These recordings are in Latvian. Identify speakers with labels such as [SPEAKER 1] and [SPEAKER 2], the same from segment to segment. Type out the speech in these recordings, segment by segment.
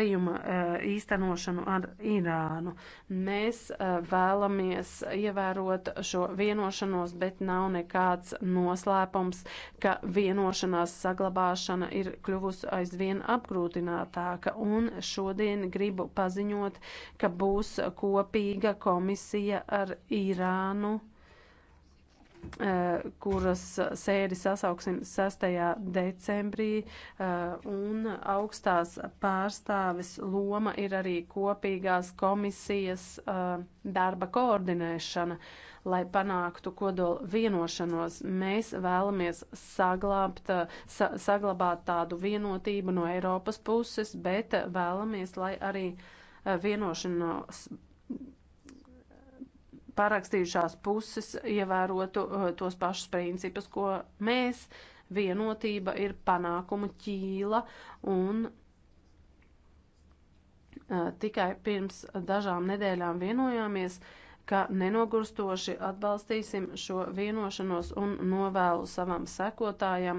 [SPEAKER 1] darījuma eh, īstenošanu ar Irānu. Mēs eh, vēlamies ievērot šo vienošanos, bet nav nekāds noslēpums, ka vienošanās saglabāšana ir kļuvusi aizvien apgrūtinātāka. Un šodien gribu paziņot, ka būs kopīga komisija ar Irānu Eh, kuras sēdi sasauksim 6. decembrī, eh, un augstās pārstāves loma ir arī kopīgās komisijas eh, darba koordinēšana, lai panāktu kodol vienošanos. Mēs vēlamies saglābt, sa saglabāt tādu vienotību no Eiropas puses, bet vēlamies, lai arī vienošanos parakstījušās puses ievērotu eh, tos pašus principus, ko mēs. Vienotība ir panākumu ķīla un eh, tikai pirms dažām nedēļām vienojāmies, ka nenogurstoši atbalstīsim šo vienošanos un novēlu savam sekotājam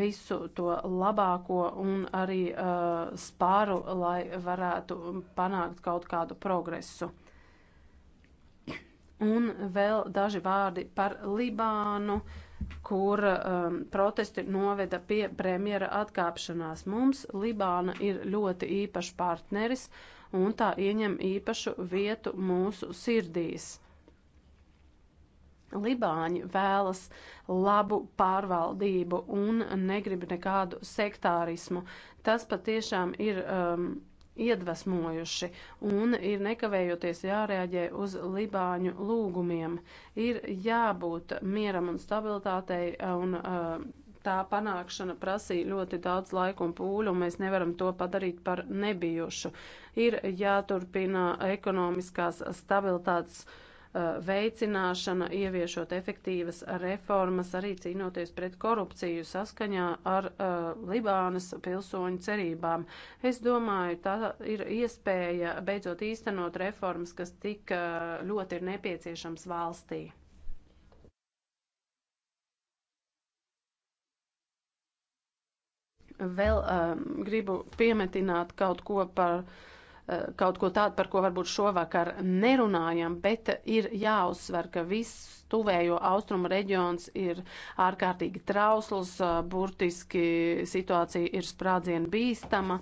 [SPEAKER 1] visu to labāko un arī uh, spāru, lai varētu panākt kaut kādu progresu. Un vēl daži vārdi par Libānu, kur um, protesti noveda pie premjera atkāpšanās. Mums Libāna ir ļoti īpašs partneris, un tā ieņem īpašu vietu mūsu sirdīs. Libāņi vēlas labu pārvaldību un negrib nekādu sektārismu. Tas patiešām ir um, iedvesmojuši, un ir nekavējoties jārēģē uz Libāņu lūgumiem. Ir jābūt mieram un stabilitātei, un uh, tā panākšana prasīja ļoti daudz laika un pūļu, un mēs nevaram to padarīt par nebijušu. Ir jāturpina ekonomiskās stabilitātes Uh, veicināšana, ieviešot efektīvas reformas, arī cīnoties pret korupciju saskaņā ar uh, Libānas pilsoņu cerībām. Es domāju, tā ir iespēja beidzot īstenot reformas, kas tik uh, ļoti ir nepieciešams valstī. Vēl um, gribu piemetināt kaut ko par uh, Eh, kaut ko tādu, par ko varbūt šovakar nerunājam, bet ir jāuzsver, ka viss tuvējo austrumu reģions ir ārkārtīgi trausls, eh, burtiski situācija ir sprādzienu bīstama,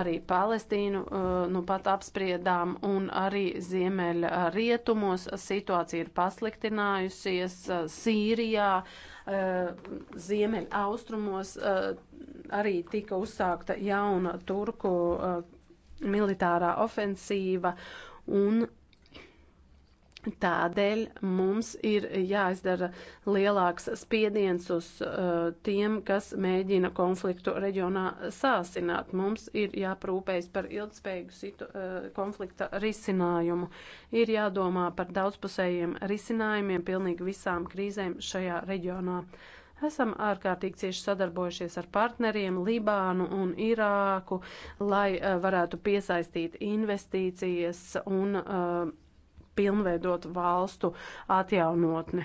[SPEAKER 1] arī Palestīnu eh, nu pat apspriedām, un arī ziemeļa rietumos situācija ir pasliktinājusies, Sīrijā, ziemeļa austrumos arī tika uzsākta jauna turku militārā ofensīva un Tādēļ mums ir jāizdara lielāks spiediens uz uh, tiem, kas mēģina konfliktu reģionā sāsināt. Mums ir jāprūpējas par ilgspējīgu situ, uh, konflikta risinājumu. Ir jādomā par daudzpusējiem risinājumiem pilnīgi visām krīzēm šajā reģionā. Uh, Esam ārkārtīgi cieši sadarbojušies ar partneriem Libānu un Irāku, lai eh, varētu piesaistīt investīcijas un uh, pilnveidot valstu atjaunotni.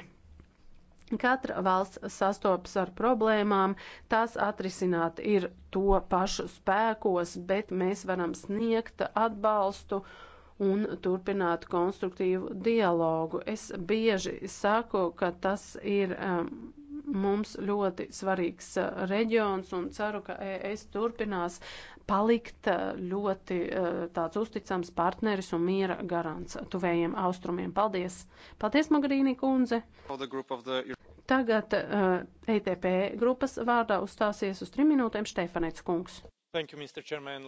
[SPEAKER 1] Katra valsts sastopas ar problēmām, tās atrisināt ir to pašu spēkos, bet mēs varam sniegt atbalstu un turpināt konstruktīvu dialogu. Es bieži saku, ka tas ir. Um, mums ļoti svarīgs uh, reģions un ceru, ka ES turpinās palikt uh, ļoti uh, tāds uzticams partneris un miera garants tuvējiem austrumiem. Paldies! Paldies, Magrīnī kundze! Tagad uh, ETP grupas vārdā uzstāsies uz trim minūtēm Štefanets kungs.
[SPEAKER 2] Thank you, Mr. Chairman.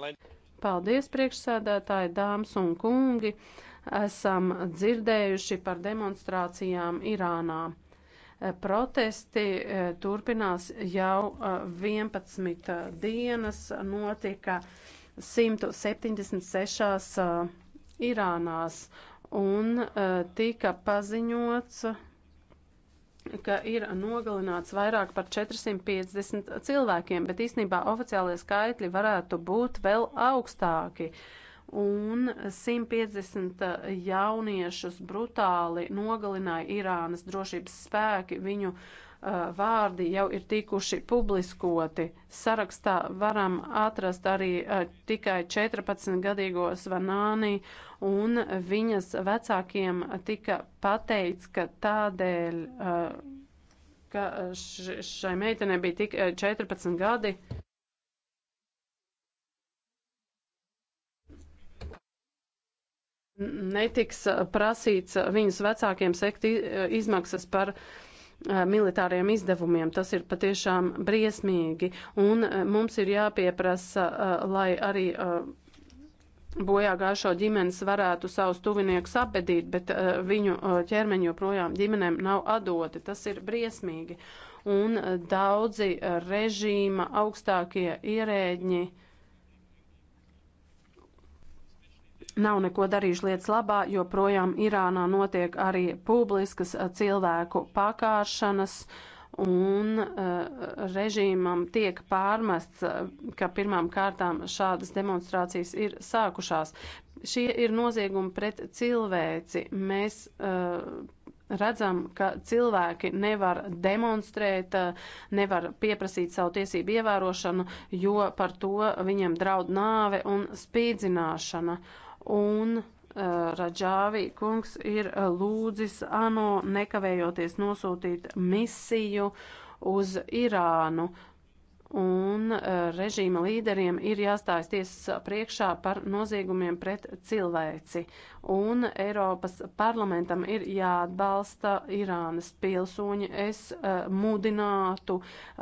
[SPEAKER 1] Paldies, priekšsēdētāji, dāmas un kungi! Esam dzirdējuši par demonstrācijām Irānā Eh, protesti eh, turpinās jau 11 eh, dienas, notika 176 Irānās un tika paziņots, ka ir nogalināts vairāk par 450 cilvēkiem, bet īstenībā oficiālie skaitļi varētu būt vēl augstāki. Uh, un 150 jauniešus brutāli nogalināja Irānas drošības spēki. Viņu uh, vārdi jau ir tikuši publiskoti. Sarakstā varam atrast arī uh, tikai 14-gadīgo Svanāni, un viņas vecākiem tika pateikts, ka tādēļ, uh, ka šai meitenei bija tik 14 uh, gadi. netiks uh, prasīts uh, viņas vecākiem sekt uh, izmaksas par militāriem izdevumiem. Tas ir patiešām briesmīgi, un mums ir jāpieprasa, lai arī bojā gājušo ģimenes varētu savus tuviniekus apbedīt, bet viņu ķermeņi joprojām ģimenēm nav atdoti. Tas ir briesmīgi, un daudzi režīma augstākie ierēģi nav neko darījuši lietas labā, jo projām Irānā notiek arī publiskas eh, cilvēku pakāšanas un uh, režīmam tiek pārmests, eh, ka pirmām kārtām šādas demonstrācijas ir sākušās. Šie ir noziegumi pret cilvēci. Mēs uh, redzam, ka cilvēki nevar demonstrēt, nevar pieprasīt savu tiesību ievērošanu, jo par to viņiem draud nāve un spīdzināšana. Uh, un eh, Raģāvi kungs ir eh, lūdzis ANO nekavējoties nosūtīt misiju uz Irānu, un eh, režīma līderiem ir jāstājas tiesas priekšā par noziegumiem pret cilvēci. Un Eiropas parlamentam ir jāatbalsta Irānas pilsoņi. Es uh, mudinātu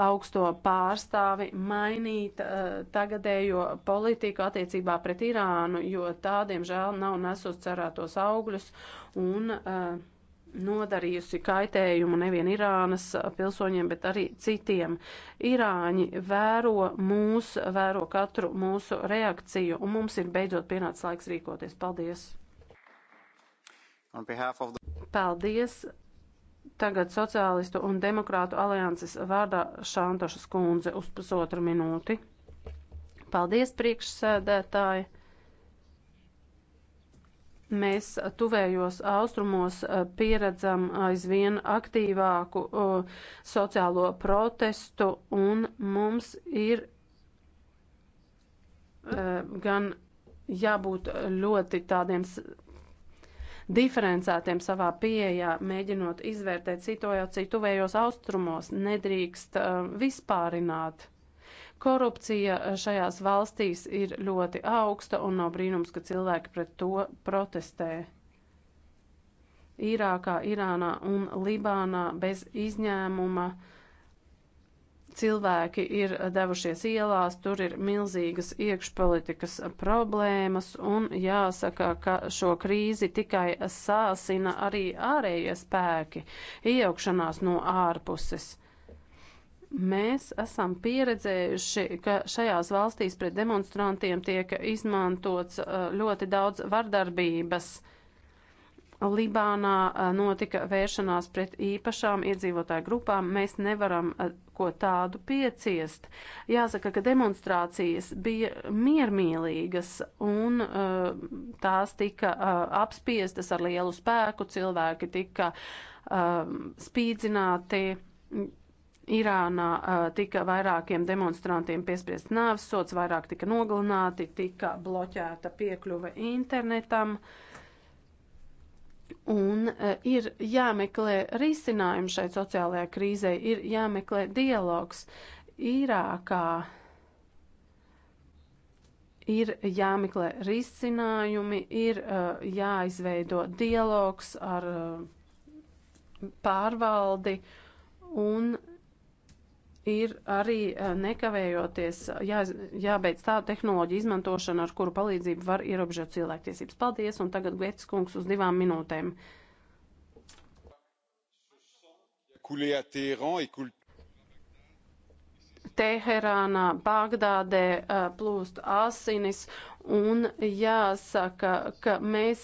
[SPEAKER 1] augsto pārstāvi mainīt uh, tagadējo politiku attiecībā pret Irānu, jo tādiem žēl nav nesus cerētos augļus. Un, uh, nodarījusi kaitējumu nevien Irānas pilsoņiem, bet arī citiem. Irāņi vēro mūs, vēro katru mūsu reakciju, un mums ir beidzot pienācis laiks rīkoties. Paldies!
[SPEAKER 2] The...
[SPEAKER 1] Paldies! Tagad sociālistu un demokrātu alianses vārdā Šantošas kundze uz pusotru minūti. Paldies, priekšsēdētāji! mēs tuvējos austrumos eh, pieredzam eh, aizvien aktīvāku eh, sociālo protestu, un mums ir gan jābūt ļoti tādiem diferencētiem savā pieejā, mēģinot izvērtēt situāciju tuvējos austrumos, nedrīkst vispārināt. Korupcija eh, šajās valstīs ir ļoti augsta un nav brīnums, ka cilvēki pret to protestē. Irākā, Irānā un Libānā bez izņēmuma cilvēki ir devušies ielās, tur ir milzīgas iekšpolitikas problēmas un jāsaka, ka šo krīzi tikai sāsina arī ārējie spēki, iejaukšanās no ārpuses. Mēs esam pieredzējuši, ka šajās valstīs pret demonstrantiem tiek izmantots uh, ļoti daudz vardarbības. Libānā uh, notika vēršanās pret īpašām iedzīvotāju grupām. Mēs nevaram uh, ko tādu pieciest. Jāsaka, ka demonstrācijas bija miermīlīgas un tās tika apspiestas ar lielu spēku, cilvēki tika spīdzināti Irānā tika vairākiem demonstrantiem piespriezt nāves sots, vairāk tika nogalināti, tika bloķēta piekļuve internetam. Un ir jāmeklē risinājumi šai sociālajā krīzē, ir jāmeklē dialogs. Irākā ir jāmeklē risinājumi, ir uh, jāizveido dialogs ar uh, pārvaldi un ir arī eh, nekavējoties jā, jābeidz tā tehnoloģija izmantošana, ar kuru palīdzību var ierobežot cilvēktiesības. Paldies, un tagad Gvērts kungs uz divām minūtēm.
[SPEAKER 3] Kulē, tēran,
[SPEAKER 1] Teherānā, Bagdādē plūst asinis, un jāsaka, ka mēs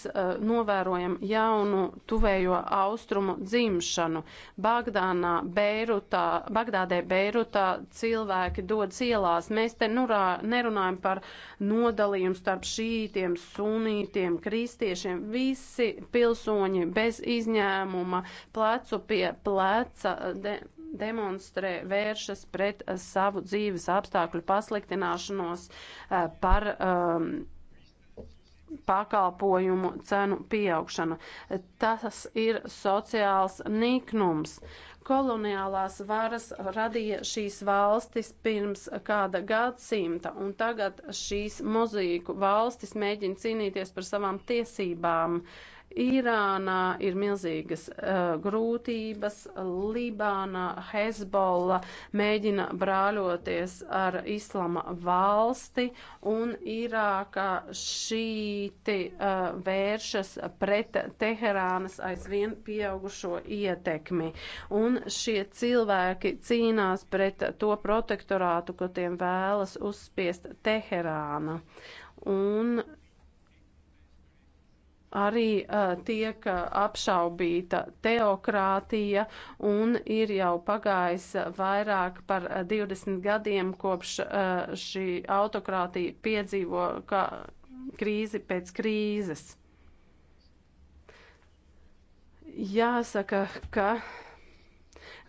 [SPEAKER 1] novērojam jaunu tuvējo austrumu dzimšanu. Bagdānā, Beirutā, Bagdādē, Beirutā cilvēki dodas ielās. Mēs te nurā, nerunājam par nodalījumu starp šītiem, sunītiem, kristiešiem. Visi pilsoņi bez izņēmuma plecu pie pleca. De, demonstrē, vēršas pret eh, savu dzīves apstākļu pasliktināšanos eh, par um, pakalpojumu cenu pieaugšanu. Tas ir sociāls niknums. Koloniālās varas radīja šīs valstis pirms kāda gadsimta, un tagad šīs mozīku valstis mēģina cīnīties par savām tiesībām. Uh, Irānā ir milzīgas uh, grūtības, Libāna, Hezbolla mēģina brāļoties ar islama valsti un Irākā šīti uh, vēršas pret Teherānas aizvien pieaugušo ietekmi. Un šie cilvēki cīnās pret to protektorātu, ko tiem vēlas uzspiest Teherāna. Un arī uh, tiek eh, apšaubīta teokrātija un ir jau pagājis vairāk par 20 eh, gadiem kopš uh, šī autokrātija piedzīvo krīzi pēc krīzes. Jāsaka, ka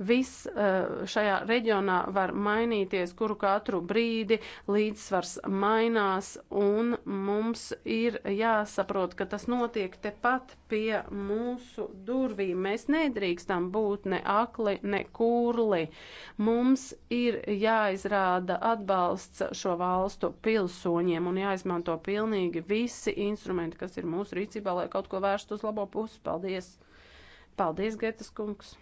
[SPEAKER 1] Viss eh, šajā reģionā var mainīties, kuru katru brīdi līdzsvars mainās, un mums ir jāsaprot, ka tas notiek tepat pie mūsu durvīm. Mēs nedrīkstam būt ne akli, ne kurli. Mums ir jāizrāda atbalsts šo valstu pilsoņiem un jāizmanto pilnīgi visi instrumenti, kas ir mūsu rīcībā, lai kaut ko vērstu uz labo pusi. Paldies! Paldies, Getas kungs!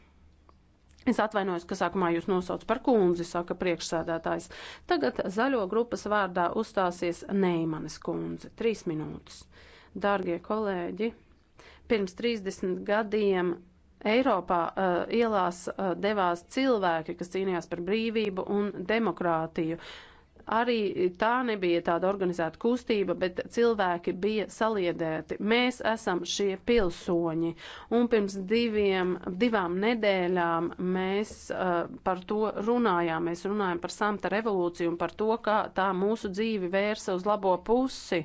[SPEAKER 1] Es atvainojos, ka sākumā jūs nosauc par kundzi, saka priekšsēdētājs. Tagad zaļo grupas vārdā uzstāsies Neimanes kundze. Trīs minūtes. Dārgie kolēģi, pirms 30 gadiem Eiropā uh, ielās uh, devās cilvēki, kas cīnījās par brīvību un demokrātiju. Uh, arī tā nebija tāda organizēta kustība, bet cilvēki bija saliedēti. Mēs esam šie pilsoņi, un pirms diviem, divām nedēļām mēs uh, par to runājām. Mēs runājam par samta revolūciju un par to, kā tā mūsu dzīvi vērsa uz labo pusi.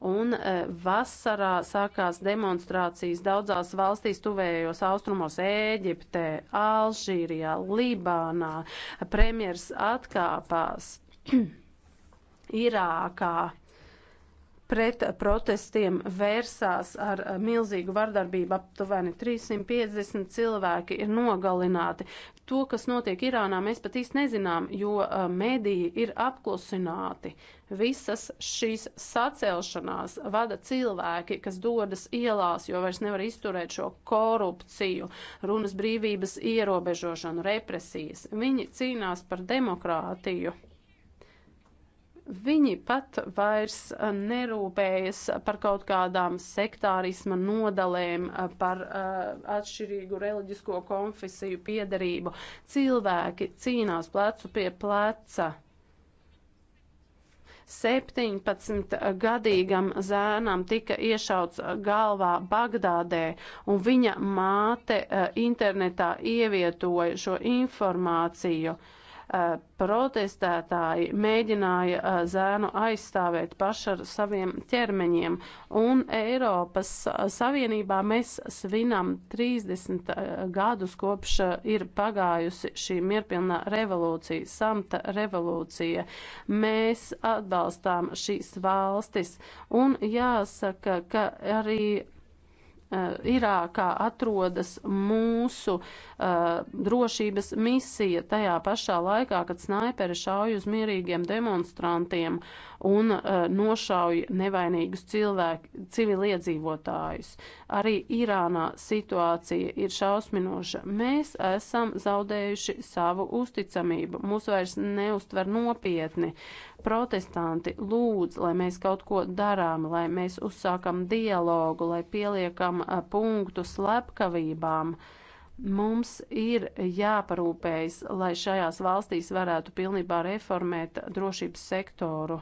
[SPEAKER 1] Un uh, vasarā sākās demonstrācijas daudzās valstīs, tuvējos austrumos Ēģiptē, Alžīrijā, Libānā. Premjers atkāpās. Irākā pret protestiem vērsās ar eh, milzīgu vardarbību. Aptuveni 350 cilvēki ir nogalināti. To, kas notiek Irānā, mēs pat īsti nezinām, jo eh, mediji ir apklusināti. Visas šīs sacelšanās vada cilvēki, kas dodas ielās, jo vairs nevar izturēt šo korupciju, runas brīvības ierobežošanu, represijas. Viņi cīnās par demokrātiju. Viņi pat vairs uh, nerūpējas par kaut kādām sektārisma nodalēm, uh, par uh, atšķirīgu reliģisko konfesiju piedarību. Cilvēki cīnās plecu pie pleca. 17-gadīgam zēnam tika iešauts galvā Bagdādē, un viņa māte uh, internetā ievietoja šo informāciju. Uh, Eh, protestētāji mēģināja eh, zēnu aizstāvēt paši ar saviem ķermeņiem. Un Eiropas eh, Savienībā mēs svinam 30 gadus kopš ir pagājusi šī mierpilnā revolūcija, samta revolūcija. Mēs atbalstām šīs valstis un jāsaka, ka arī Eh, Irākā atrodas mūsu uh, drošības misija tajā pašā laikā, kad snaiperi šauj uz mierīgiem demonstrantiem. Uh, un uh, nošauj nevainīgus cilvēku, civiliedzīvotājus. Arī Irānā situācija ir šausminoša. Mēs esam zaudējuši savu uzticamību, mūs vairs neustver nopietni. Protestanti lūdz, lai mēs kaut ko darām, lai mēs uzsākam dialogu, lai pieliekam uh, punktu slepkavībām. Mums ir jāparūpējas, lai šajās valstīs varētu pilnībā reformēt drošības sektoru.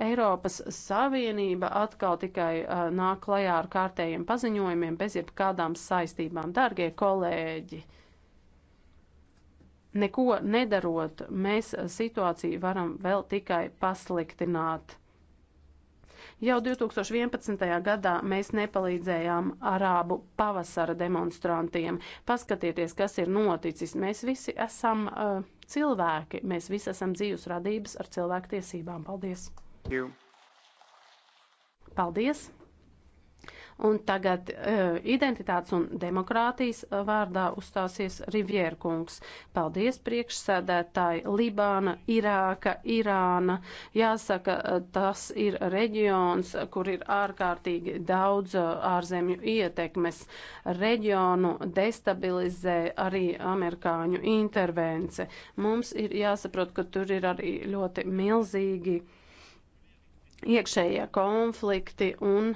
[SPEAKER 1] Eiropas Savienība atkal tikai uh, nāk klajā ar kārtējiem paziņojumiem bez jebkādām saistībām. Dargie kolēģi, neko nedarot, mēs situāciju varam vēl tikai pasliktināt. Jau 2011. gadā mēs nepalīdzējām arābu pavasara demonstrantiem. Paskatieties, kas ir noticis. Mēs visi esam uh, cilvēki, mēs visi esam dzīves radības ar cilvēku tiesībām. Paldies! Paldies! Un tagad uh, identitātes un demokrātijas eh, vārdā uzstāsies Rivjerkungs. Paldies priekšsēdētāji Libāna, Irāka, Irāna. Jāsaka, eh, tas ir reģions, kur ir ārkārtīgi daudz ārzemju ietekmes. Reģionu destabilizē arī amerikāņu intervence. Mums ir jāsaprot, ka tur ir arī ļoti milzīgi iekšējie konflikti un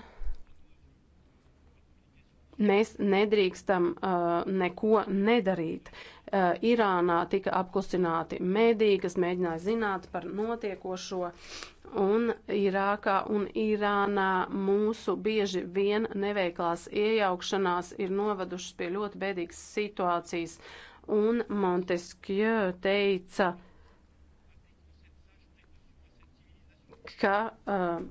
[SPEAKER 1] mēs nedrīkstam uh, neko nedarīt. Uh, Irānā tika apklusināti mediji, kas mēģināja zināt par notiekošo, un Irākā un Irānā mūsu bieži vien neveiklās iejaukšanās ir novadušas pie ļoti bēdīgas situācijas, un Montesquieu teica, uh, ka uh,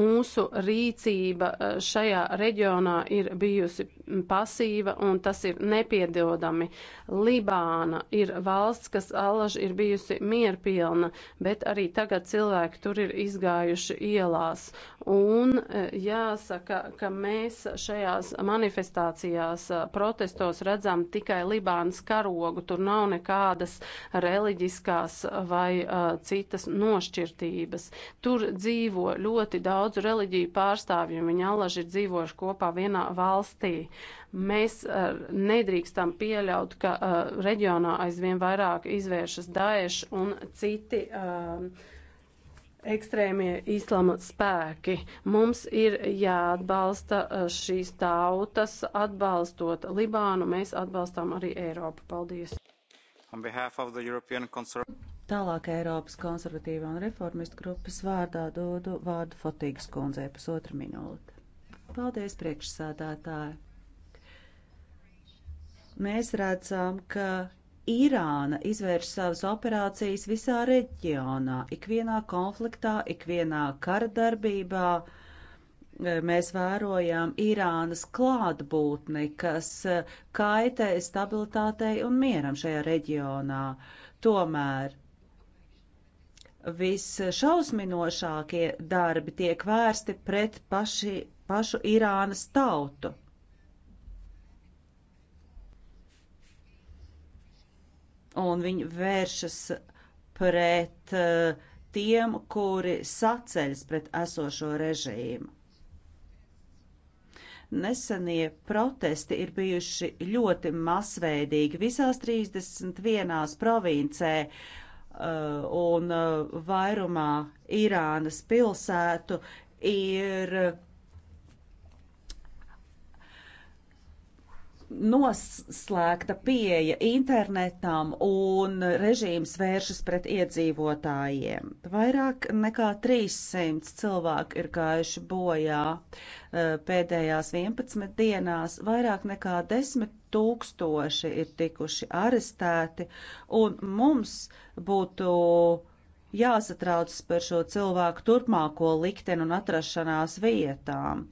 [SPEAKER 1] mūsu rīcība uh, šajā reģionā ir bijusi pasīva, un tas ir nepiedodami. Libāna ir valsts, kas allaž ir bijusi mierpilna, bet arī tagad cilvēki tur ir izgājuši ielās. Un e, jāsaka, ka mēs šajās manifestācijās, e, protestos redzam tikai Libānas karogu, tur nav nekādas reliģiskās vai uh, citas nošķirtības. Tur dzīvo ļoti daudz reliģiju pārstāvju, viņi allaž ir dzīvojuši kopā vienā valstī. Mēs uh, nedrīkstam pieļaut, ka uh, reģionā aizvien vairāk izvēršas Daesh un citi. Uh, ekstrēmie islama spēki. Mums ir jāatbalsta uh, šīs tautas, atbalstot Libānu, mēs atbalstām arī Eiropu. Paldies!
[SPEAKER 3] Tālāk Eiropas konservatīvā un reformistu grupas vārdā dodu vārdu Fotīgas kundzei pusotru minūti. Paldies, priekšsādātāji! mēs redzam, ka Irāna izvērš savas operācijas visā reģionā, ikvienā konfliktā, ikvienā kara darbībā. Mēs vērojam Irānas klātbūtni, kas kaitē stabilitātei un mieram šajā reģionā. Tomēr visšausminošākie darbi tiek vērsti pret paši, pašu Irānas tautu. un viņi vēršas pret eh, tiem, kuri saceļas pret esošo režīmu. Nesenie protesti ir bijuši ļoti masveidīgi visās 31 provincē eh, un eh, vairumā Irānas pilsētu ir noslēgta pieeja internetam un režīms vēršas pret iedzīvotājiem. Vairāk nekā 300 cilvēki ir gājuši bojā eh, pēdējās 11 dienās, vairāk nekā 10 tūkstoši ir tikuši arestēti, un mums būtu jāsatraucas par šo cilvēku turpmāko likteni un atrašanās vietām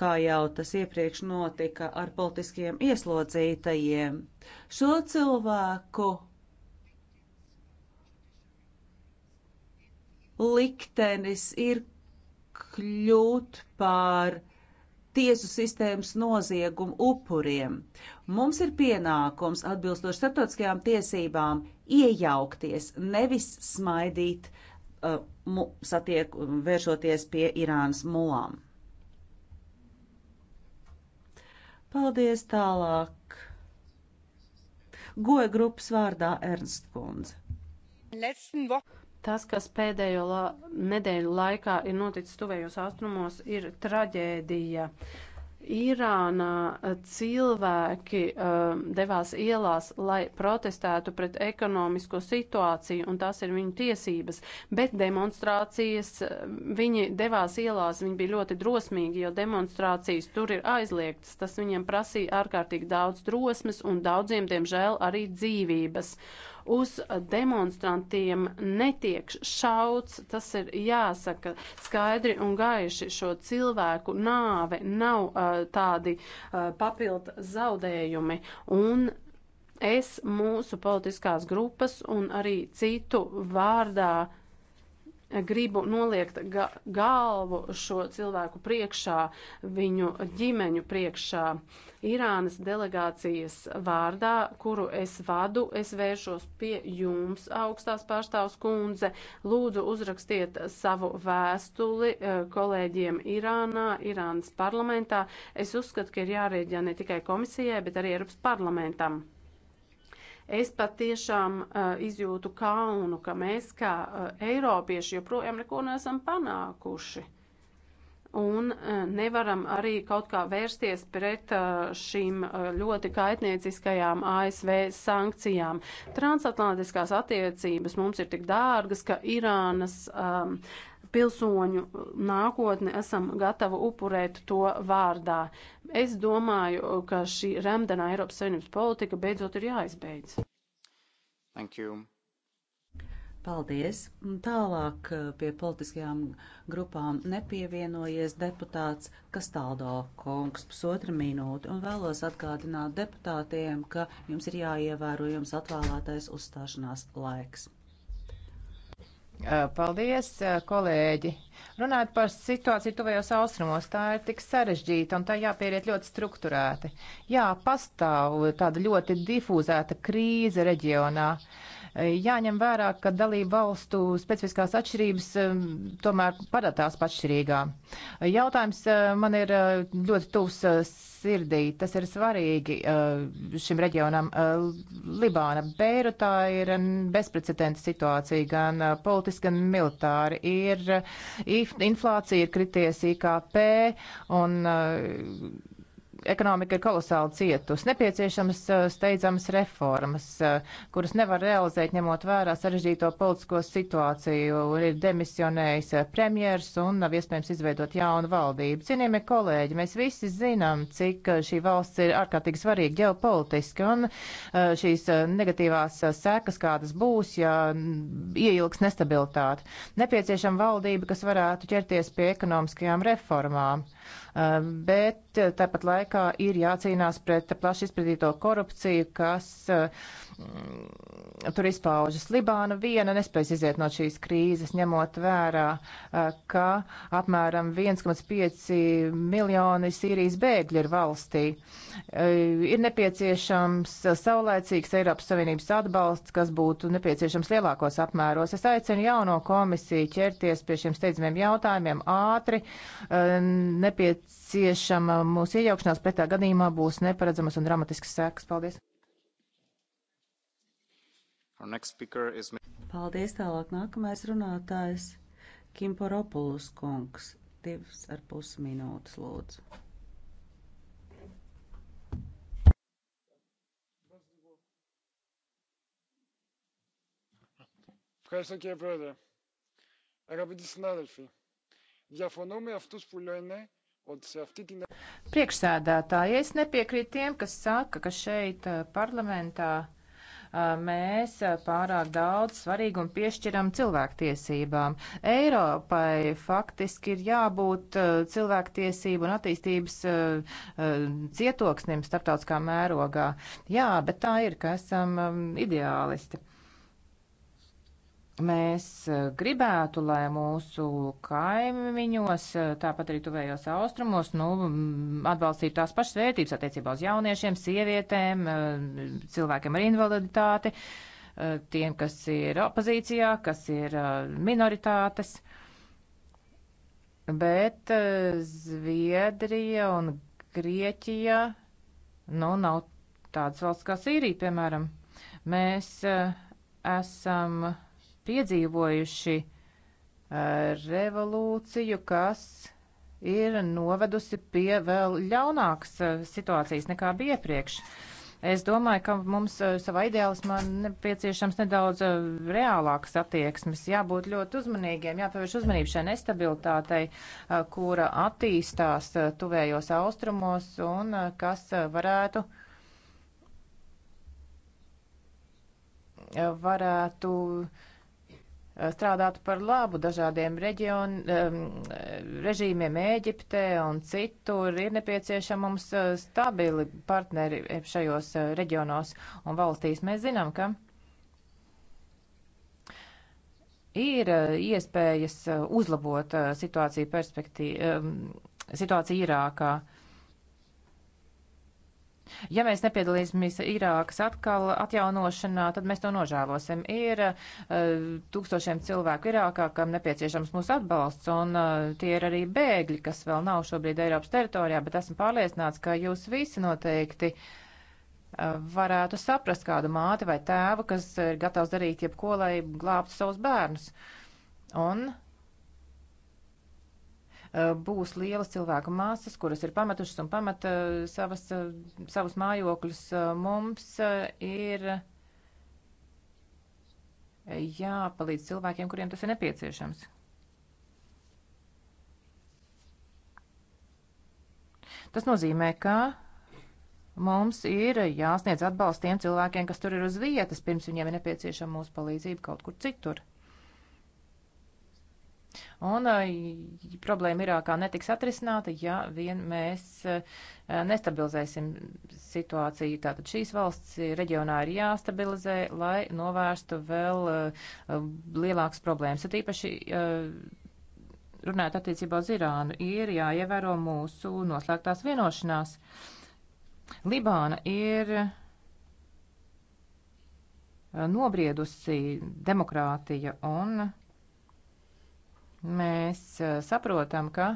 [SPEAKER 3] kā jau tas iepriekš notika ar politiskiem ieslodzītajiem. Šo cilvēku liktenis ir kļūt par tiesu sistēmas noziegumu upuriem. Mums ir pienākums atbilstoši starptautiskajām tiesībām iejaukties, nevis smaidīt, uh, satiek, vēršoties pie Irānas mulām. Paldies tālāk. Goja grupas vārdā Ernst Kundze. Tas, kas pēdējo la
[SPEAKER 1] nedēļu laikā ir noticis tuvējos austrumos, ir traģēdija. Uh, Irānā eh, cilvēki uh, devās ielās, lai protestētu pret ekonomisko situāciju, un tās ir viņu tiesības. Bet demonstrācijas, eh, viņi devās ielās, viņi bija ļoti drosmīgi, jo demonstrācijas tur ir aizliegtas. Tas viņiem prasīja ārkārtīgi daudz drosmes, un daudziem, diemžēl, arī dzīvības. Uh, uz demonstrantiem netiek šauts, tas ir jāsaka skaidri un gaiši. Šo cilvēku nāve nav uh, tādi uh, papilt zaudējumi. Un es mūsu politiskās grupas un arī citu vārdā gribu noliekt ga galvu šo cilvēku priekšā, viņu ģimeņu priekšā. Uh, Irānas delegācijas vārdā, kuru es vadu, es vēršos pie jums, augstās pārstāvs kundze. Lūdzu, uzrakstiet savu vēstuli eh, kolēģiem Irānā, Irānas parlamentā. Es uzskatu, ka ir jārēģē ne tikai komisijai, bet arī Eiropas parlamentam. Es patiešām uh, izjūtu kaunu, ka mēs kā uh, Eiropieši joprojām neko neesam panākuši. Uh, un e, nevaram arī kaut kā vērsties pret e, šīm e, ļoti kaitnieciskajām ASV sankcijām. Transatlantiskās attiecības mums ir tik dārgas, ka Irānas um, pilsoņu nākotni esam gatavi upurēt to vārdā. Es domāju, ka šī remdenā Eiropas Savienības politika beidzot ir jāizbeidz.
[SPEAKER 2] Thank you.
[SPEAKER 3] Paldies! Tālāk eh, pie politiskajām grupām nepievienojies deputāts Kastaldo kungs pusotra minūte un vēlos atgādināt deputātiem, ka jums ir jāievēro jums atvēlētais uzstāšanās laiks. Eh, paldies, eh,
[SPEAKER 2] kolēģi! Runājot par situāciju tuvējos austrumos, tā ir tik sarežģīta un tā jāpieriet ļoti strukturēti. Jā, pastāv tāda ļoti difūzēta krīze reģionā. Uh, Jāņem vērā, ka dalību valstu specifiskās atšķirības um, tomēr padatās pašķirīgā. Jautājums uh, man ir uh, ļoti tūs uh, sirdī. Tas ir svarīgi šim reģionam. Libāna Beirutā ir bezprecedenta situācija, gan politiski, gan militāri. Ir inflācija, ir krities IKP un ekonomika ir kolosāli cietusi. Nepieciešamas eh, steidzamas reformas, eh, kuras nevar realizēt ņemot vērā sarežģīto politisko situāciju. Ir demisionējis eh, premjers un nav iespējams izveidot jaunu valdību. Cienījamie kolēģi, mēs visi zinām, cik šī valsts ir ārkārtīgi svarīga ģeopolitiski un šīs negatīvās sekas, kādas būs, ja ieilgs nestabilitāte. Nepieciešama valdība, kas varētu ķerties pie ekonomiskajām reformām. Um, bet uh, tāpat laikā ir jācīnās pret plaši izplatīto korupciju, kas uh, Mm, tur izpaužas. Libāna viena nespēs iziet no šīs krīzes, ņemot vērā, ka apmēram 1,5 miljoni Sīrijas bēgļi ir valstī. Ir nepieciešams saulēcīgs Eiropas Savienības atbalsts, kas būtu nepieciešams lielākos apmēros. Es aicinu jauno komisiju ķerties pie šiem steidzamiem jautājumiem ātri. Nepieciešama mūsu iejaukšanās pretā gadījumā būs neparedzamas un dramatiskas sekas. Paldies! Is...
[SPEAKER 3] Paldies tālāk. Nākamais runātājs Kimporopulus kungs. Divas ar pus minūtes lūdzu. Ευχαριστώ κύριε Πρόεδρε. Αγαπητοί συνάδελφοι, διαφωνώ με αυτούς που λένε ότι σε αυτή την...
[SPEAKER 2] Priekšsēdētāji, es nepiekrītu tiem, kas saka, ka šeit parlamentā mēs pārāk daudz svarīgumu piešķiram cilvēktiesībām. Eiropai faktiski ir jābūt cilvēktiesību un attīstības cietoksnim starptautiskā mērogā. Jā, bet tā ir, ka esam ideālisti. Mēs eh, gribētu, lai mūsu kaimiņos, eh, tāpat arī tuvējos austrumos, nu, atbalstītu tās pašas vērtības attiecībā uz jauniešiem, sievietēm, eh, cilvēkiem ar invaliditāti, tiem, kas ir opozīcijā, kas ir minoritātes. Bet Zviedrija un Grieķija, nu, nav tādas valsts kā Sīrija, piemēram. Mēs esam. Uh, piedzīvojuši uh, revolūciju, kas ir novedusi pie vēl ļaunākas uh, situācijas nekā bija iepriekš. Es domāju, ka mums uh, savā ideālismā nepieciešams nedaudz reālāks attieksmes, jābūt ļoti uzmanīgiem, jāpievērš uzmanību šai nestabilitātei, kura attīstās tuvējos austrumos un kas varētu varētu uh, strādātu par labu dažādiem reģionu, režīmiem Ēģiptē un citur, ir nepieciešama mums eh, stabili partneri šajos eh, reģionos un valstīs. Mēs zinām, ka ir eh, iespējas uzlabot situāciju perspektīvu, situāciju Irākā. Ja mēs nepiedalīsimies Irākas atkal atjaunošanā, tad mēs to nožēlosim. Ir uh, tūkstošiem cilvēku Irākā, kam nepieciešams mūsu atbalsts, un uh, tie ir arī bēgļi, kas vēl nav šobrīd Eiropas teritorijā, bet esmu pārliecināts, ka jūs visi noteikti eh, varētu saprast kādu māti vai tēvu, kas ir gatavs darīt jebko, lai glābtu savus bērnus. Un Eh, būs lielas cilvēku māsas, kuras ir pametušas un pameta eh, savas, eh, savus mājokļus. Mums ir jāpalīdz cilvēkiem, kuriem tas ir nepieciešams. Tas nozīmē, ka mums ir jāsniedz atbalsts tiem cilvēkiem, kas tur ir uz vietas, pirms viņiem ir nepieciešama mūsu palīdzība kaut kur citur. Un problēma Irākā netiks atrisināta, ja vien mēs nestabilizēsim situāciju. Tātad šīs valsts reģionā ir jāstabilizē, lai novērstu vēl lielākas problēmas. Ir īpaši runājot attiecībā uz Irānu, ir jāievēro mūsu noslēgtās vienošanās. Libāna ir nobriedusi demokrātija un Mēs eh, saprotam, ka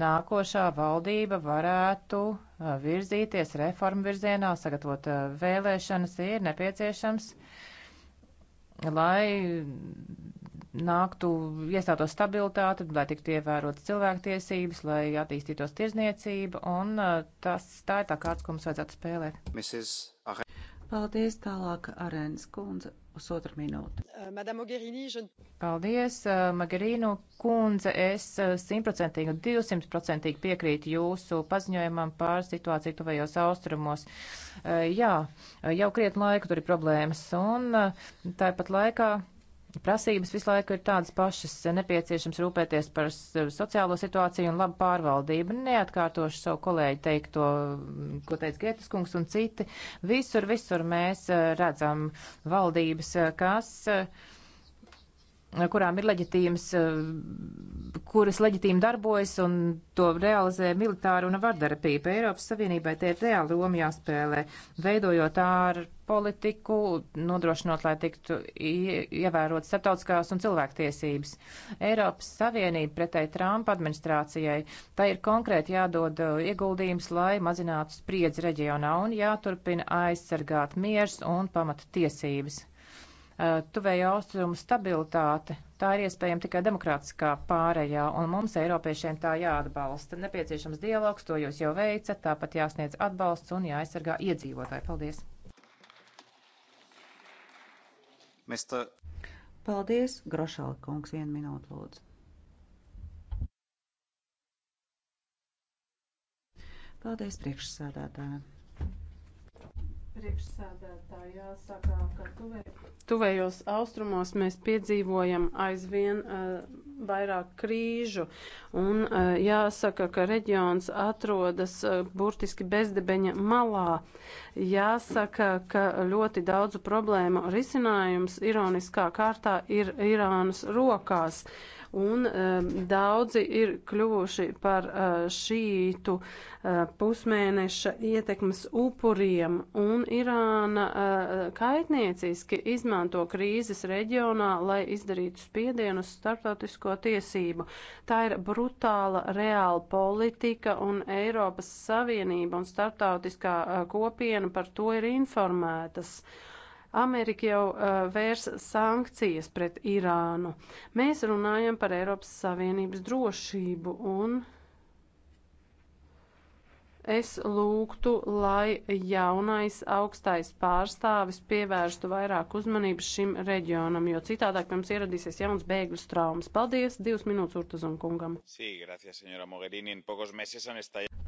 [SPEAKER 2] nākošā valdība varētu eh, virzīties reformu virzienā, sagatavot eh, vēlēšanas, ir nepieciešams, lai nāktu iestātos stabilitāte, lai tiktu ievērotas cilvēktiesības, lai attīstītos tirzniecība, un tas tā ir tā kārts, ko mums vajadzētu spēlēt. Mrs. Paldies tālāk, Arēnas kundze, pusotra minūte.
[SPEAKER 1] Uh,
[SPEAKER 2] Paldies, uh, Magarīnu kundze, es uh, simtprocentīgi un divsimtprocentīgi piekrītu jūsu paziņojumam pār situāciju tuvējos austrumos. Jā, jau krietnu laiku tur ir problēmas, un tāpat laikā Prasības visu laiku ir tādas pašas - nepieciešams rūpēties par sociālo situāciju un labu pārvaldību. Neatkārtošu savu kolēģi teikto, ko teica Gietas kungs un citi. Visur, visur mēs eh, redzam valdības, eh, kas. Uh, kurām ir leģitīmas, eh, kuras leģitīmi darbojas un to realizē militāra un vardarbība. Eiropas Savienībai tie ir reāli loma jāspēlē, veidojot ār politiku, nodrošinot, lai tiktu ievērot starptautiskās un cilvēktiesības. Eiropas Savienība pretēji Trumpa administrācijai, tā ir konkrēti jādod eh, ieguldījums, lai mazinātu spriedzi reģionā un jāturpina aizsargāt miers un pamata tiesības tuvējo austrumu stabilitāte. Tā ir iespējama tikai demokrātiskā pārējā, un mums, Eiropiešiem, tā jāatbalsta. Nepieciešams dialogs, to jūs jau veicat, tāpat jāsniedz atbalsts un jāaizsargā iedzīvotāji. Paldies! Mr.
[SPEAKER 3] Paldies, Grošala kungs, vienu minūtu lūdzu. Paldies priekšsādātājiem!
[SPEAKER 1] Priekšsēdētājā saka, ka tuvē... tuvējos austrumos mēs piedzīvojam aizvien uh, vairāk krīžu, un uh, jāsaka, ka reģions atrodas uh, burtiski bezdebeņa malā. Jāsaka, ka ļoti daudzu problēmu risinājums ironiskā kārtā ir Irānas rokās. Uh, un um, daudzi ir kļuvuši par uh, šītu uh, pusmēneša ietekmes upuriem, un Irāna uh, kaitnieciski izmanto krīzes reģionā, lai izdarītu spiedienu uz starptautisko tiesību. Tā ir brutāla reāla politika, un Eiropas Savienība un starptautiskā uh, kopiena par to ir informētas. Uh, Amerika jau uh, vērs sankcijas pret Irānu. Mēs runājam par Eiropas Savienības drošību un es lūgtu, lai jaunais augstais pārstāvis pievērstu vairāk uzmanības šim reģionam, jo citādāk mums ieradīsies
[SPEAKER 3] jauns bēgļu traumas. Paldies, divas minūtes Urtazam kungam. Sí, gracias,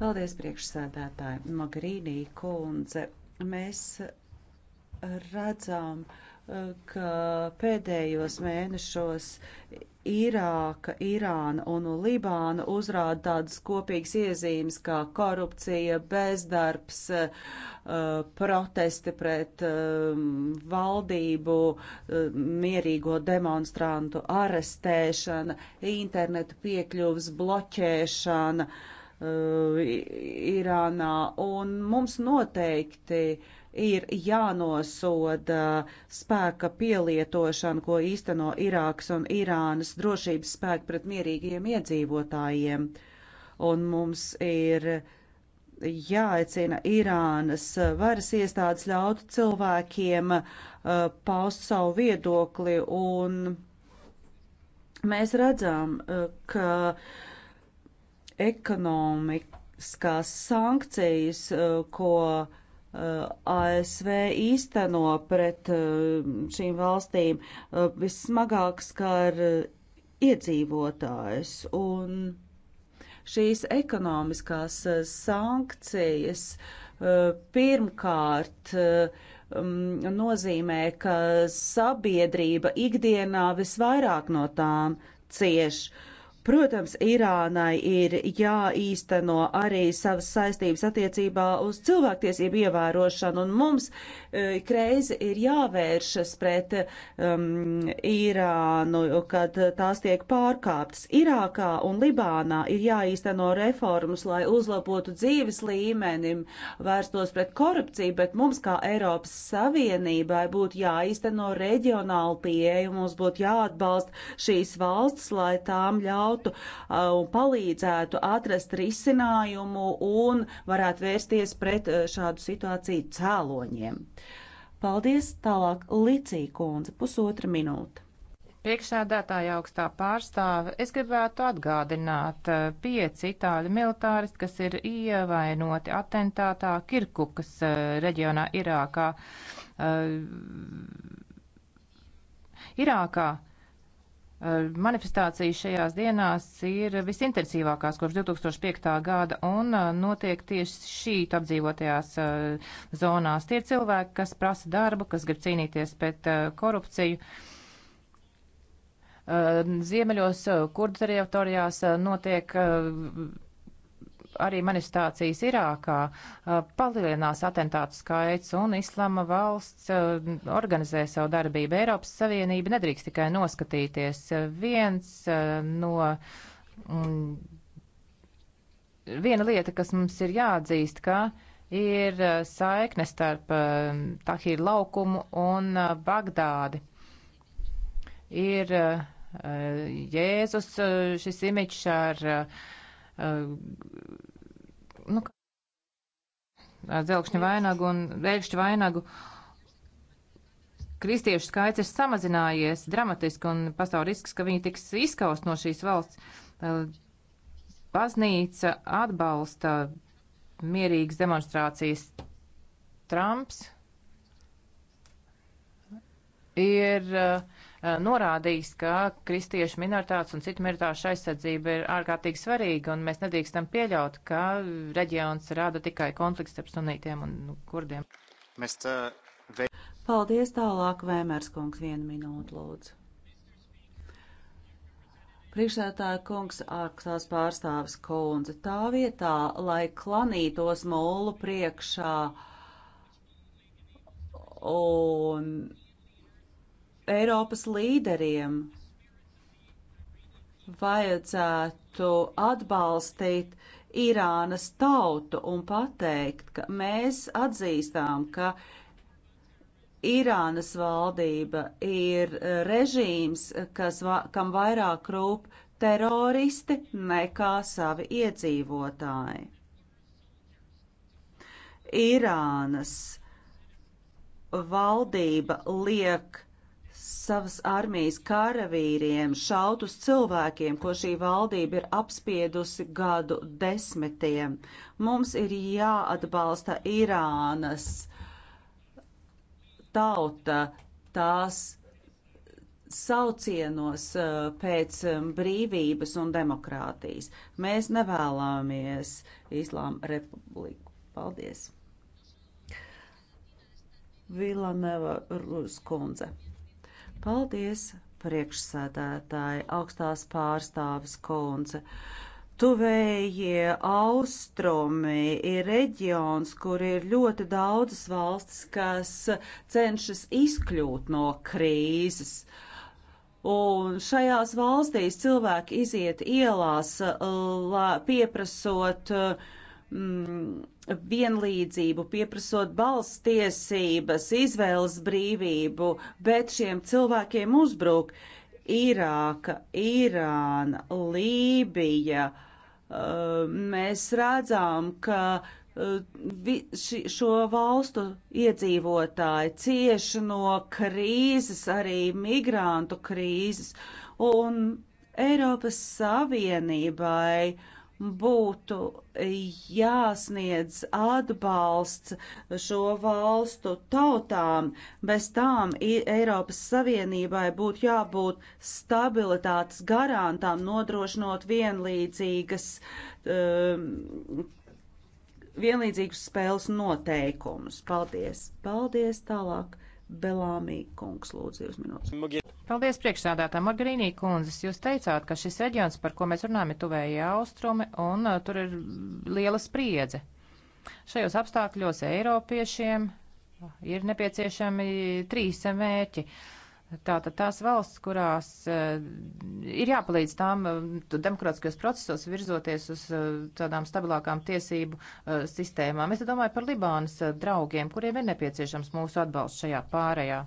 [SPEAKER 3] Paldies, priekšsēdētāji. Mogherini kundze, mēs redzam, ka pēdējos mēnešos Irāka, Irāna un Libāna uzrāda tādas kopīgas iezīmes kā korupcija, bezdarbs, eh, protesti pret eh, valdību, eh, mierīgo demonstrantu arestēšana, internetu piekļuvas bloķēšana Irānā. Un mums noteikti uh, ir jānosoda spēka pielietošana, ko īsteno Irāks un Irānas drošības spēki pret mierīgiem iedzīvotājiem. Un mums ir jāaicina Irānas varas iestādes ļaut cilvēkiem uh, paust savu viedokli, un mēs redzam, uh, ka ekonomiskās sankcijas, uh, ko Uh, ASV īsteno pret uh, šīm valstīm, uh, vissmagāk skar iedzīvotājs. Un šīs ekonomiskās sankcijas pirmkārt um, nozīmē, ka sabiedrība ikdienā visvairāk no tām cieši Protams, Irānai ir jāīsteno arī savas saistības attiecībā uz cilvēktiesību ievērošanu, un mums e, kreizi ir jāvēršas pret um, Irānu, kad tās tiek pārkāptas. Irākā un Libānā ir jāīsteno reformas, lai uzlabotu dzīves līmenim, vērstos pret korupciju, bet mums kā Eiropas Savienībai būtu jāīsteno reģionāla pieeja, mums būtu jāatbalsta šīs valsts, lai tām ļautu ļautu un palīdzētu atrast risinājumu un varētu vērsties pret šādu situāciju cēloņiem. Paldies tālāk Licija kundze, pusotra minūte. Priekšsēdētāja
[SPEAKER 2] augstā pārstāve, es gribētu atgādināt pieci itāļu militāristi, kas ir ievainoti atentātā Kirkukas reģionā Irākā. Irākā Manifestācijas šajās dienās ir visintensīvākās kopš 2005. gada un uh, notiek tieši šī apdzīvotajās uh, zonās. Tie cilvēki, kas prasa darbu, kas grib cīnīties pret uh, korupciju. Ziemeļos, kurdu teritorijās notiek arī manistācijas Irākā palielinās atentātu skaits un Islama valsts organizē savu darbību. Eiropas Savienība nedrīkst tikai noskatīties. Viens no. Mm, viena lieta, kas mums ir jāatzīst, ka ir saikne starp Tahīru laukumu un Bagdādi. Ir Jēzus šis imičs ar nu, dzelkšņa vainagu un vēkšķu vainagu. Kristiešu skaits ir samazinājies dramatiski un pastāv risks, ka viņi tiks izskaust no šīs valsts. Baznīca atbalsta mierīgas demonstrācijas. Trumps ir uh, norādījis, ka kristiešu minoritātes un citu minoritāšu aizsardzība ir ārkārtīgi svarīga, un mēs nedrīkstam pieļaut, ka reģions rada tikai konflikts starp sunītiem un kurdiem. Mēs tā...
[SPEAKER 3] Paldies tālāk, Vēmērs kungs, vienu minūtu lūdzu. Priekšsētāja kungs ārkstās pārstāvis kundze tā vietā, lai klanītos mūlu priekšā un Eiropas līderiem vajadzētu atbalstīt Irānas tautu un pateikt, ka mēs atzīstām, ka Irānas valdība ir režīms, kas, kam vairāk rūp teroristi nekā savi iedzīvotāji. Irānas valdība liek savas armijas karavīriem, šautus cilvēkiem, ko šī valdība ir apspiedusi gadu desmitiem. Mums ir jāatbalsta Irānas tauta tās saucienos eh, pēc eh, brīvības un demokrātijas. Mēs nevēlamies Īslāma republiku. Paldies! Vilaneva Ruskundze. Paldies, priekšsēdētāji, augstās pārstāvis Konce. Tuvējie austrumi ir reģions, kur ir ļoti daudzas valstis, kas cenšas izkļūt no krīzes. Un šajās valstīs cilvēki iziet ielās, pieprasot uh, mm, vienlīdzību, pieprasot balss tiesības, izvēles brīvību, bet šiem cilvēkiem uzbruk Irāka, Irāna, Lībija. Uh, mēs redzam, ka uh, šo valstu iedzīvotāji cieši no krīzes, arī migrantu krīzes, un Eiropas Savienībai uh, būtu jāsniedz atbalsts šo valstu tautām, bez tām Eiropas Savienībai būtu jābūt stabilitātes garantām, nodrošinot vienlīdzīgas, um, vienlīdzīgus spēles noteikumus. Paldies! Paldies tālāk! Belāmī kungs, lūdzu, divas minūtes. Paldies priekšsādātā Margarīnī
[SPEAKER 2] kundzes. Jūs teicāt, ka šis reģions, par ko mēs runājam, ir tuvējā austrumi un uh, tur ir liela spriedze. Šajos apstākļos Eiropiešiem uh, ir nepieciešami trīs mērķi. Uh, Tātad tās valsts, kurās uh, ir jāpalīdz tām uh, demokrātiskajos procesos virzoties uz uh, tādām stabilākām tiesību uh, sistēmām. Es domāju par Libānas uh, draugiem, kuriem ir nepieciešams mūsu atbalsts šajā pārējā.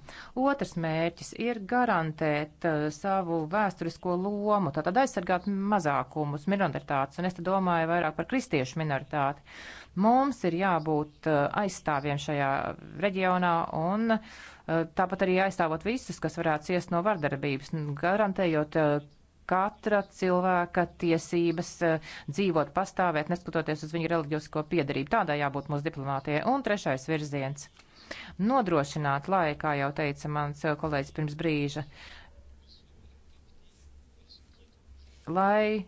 [SPEAKER 2] Otrs mērķis ir garantēt uh, savu vēsturisko lomu, tātad aizsargāt mazākumus, minoritātes, un es te domāju vairāk par kristiešu minoritāti. Uh, Mums ir jābūt uh, aizstāvjiem šajā reģionā un uh, tāpat arī aizstāvot visus, kas varētu ciest no vardarbības, garantējot uh, katra cilvēka tiesības dzīvot, pastāvēt, neskatoties uz viņa reliģisko piedarību. Tādai jābūt mūsu diplomātijai. Un trešais virziens - nodrošināt, lai, kā jau teica mans kolēģis pirms brīža, lai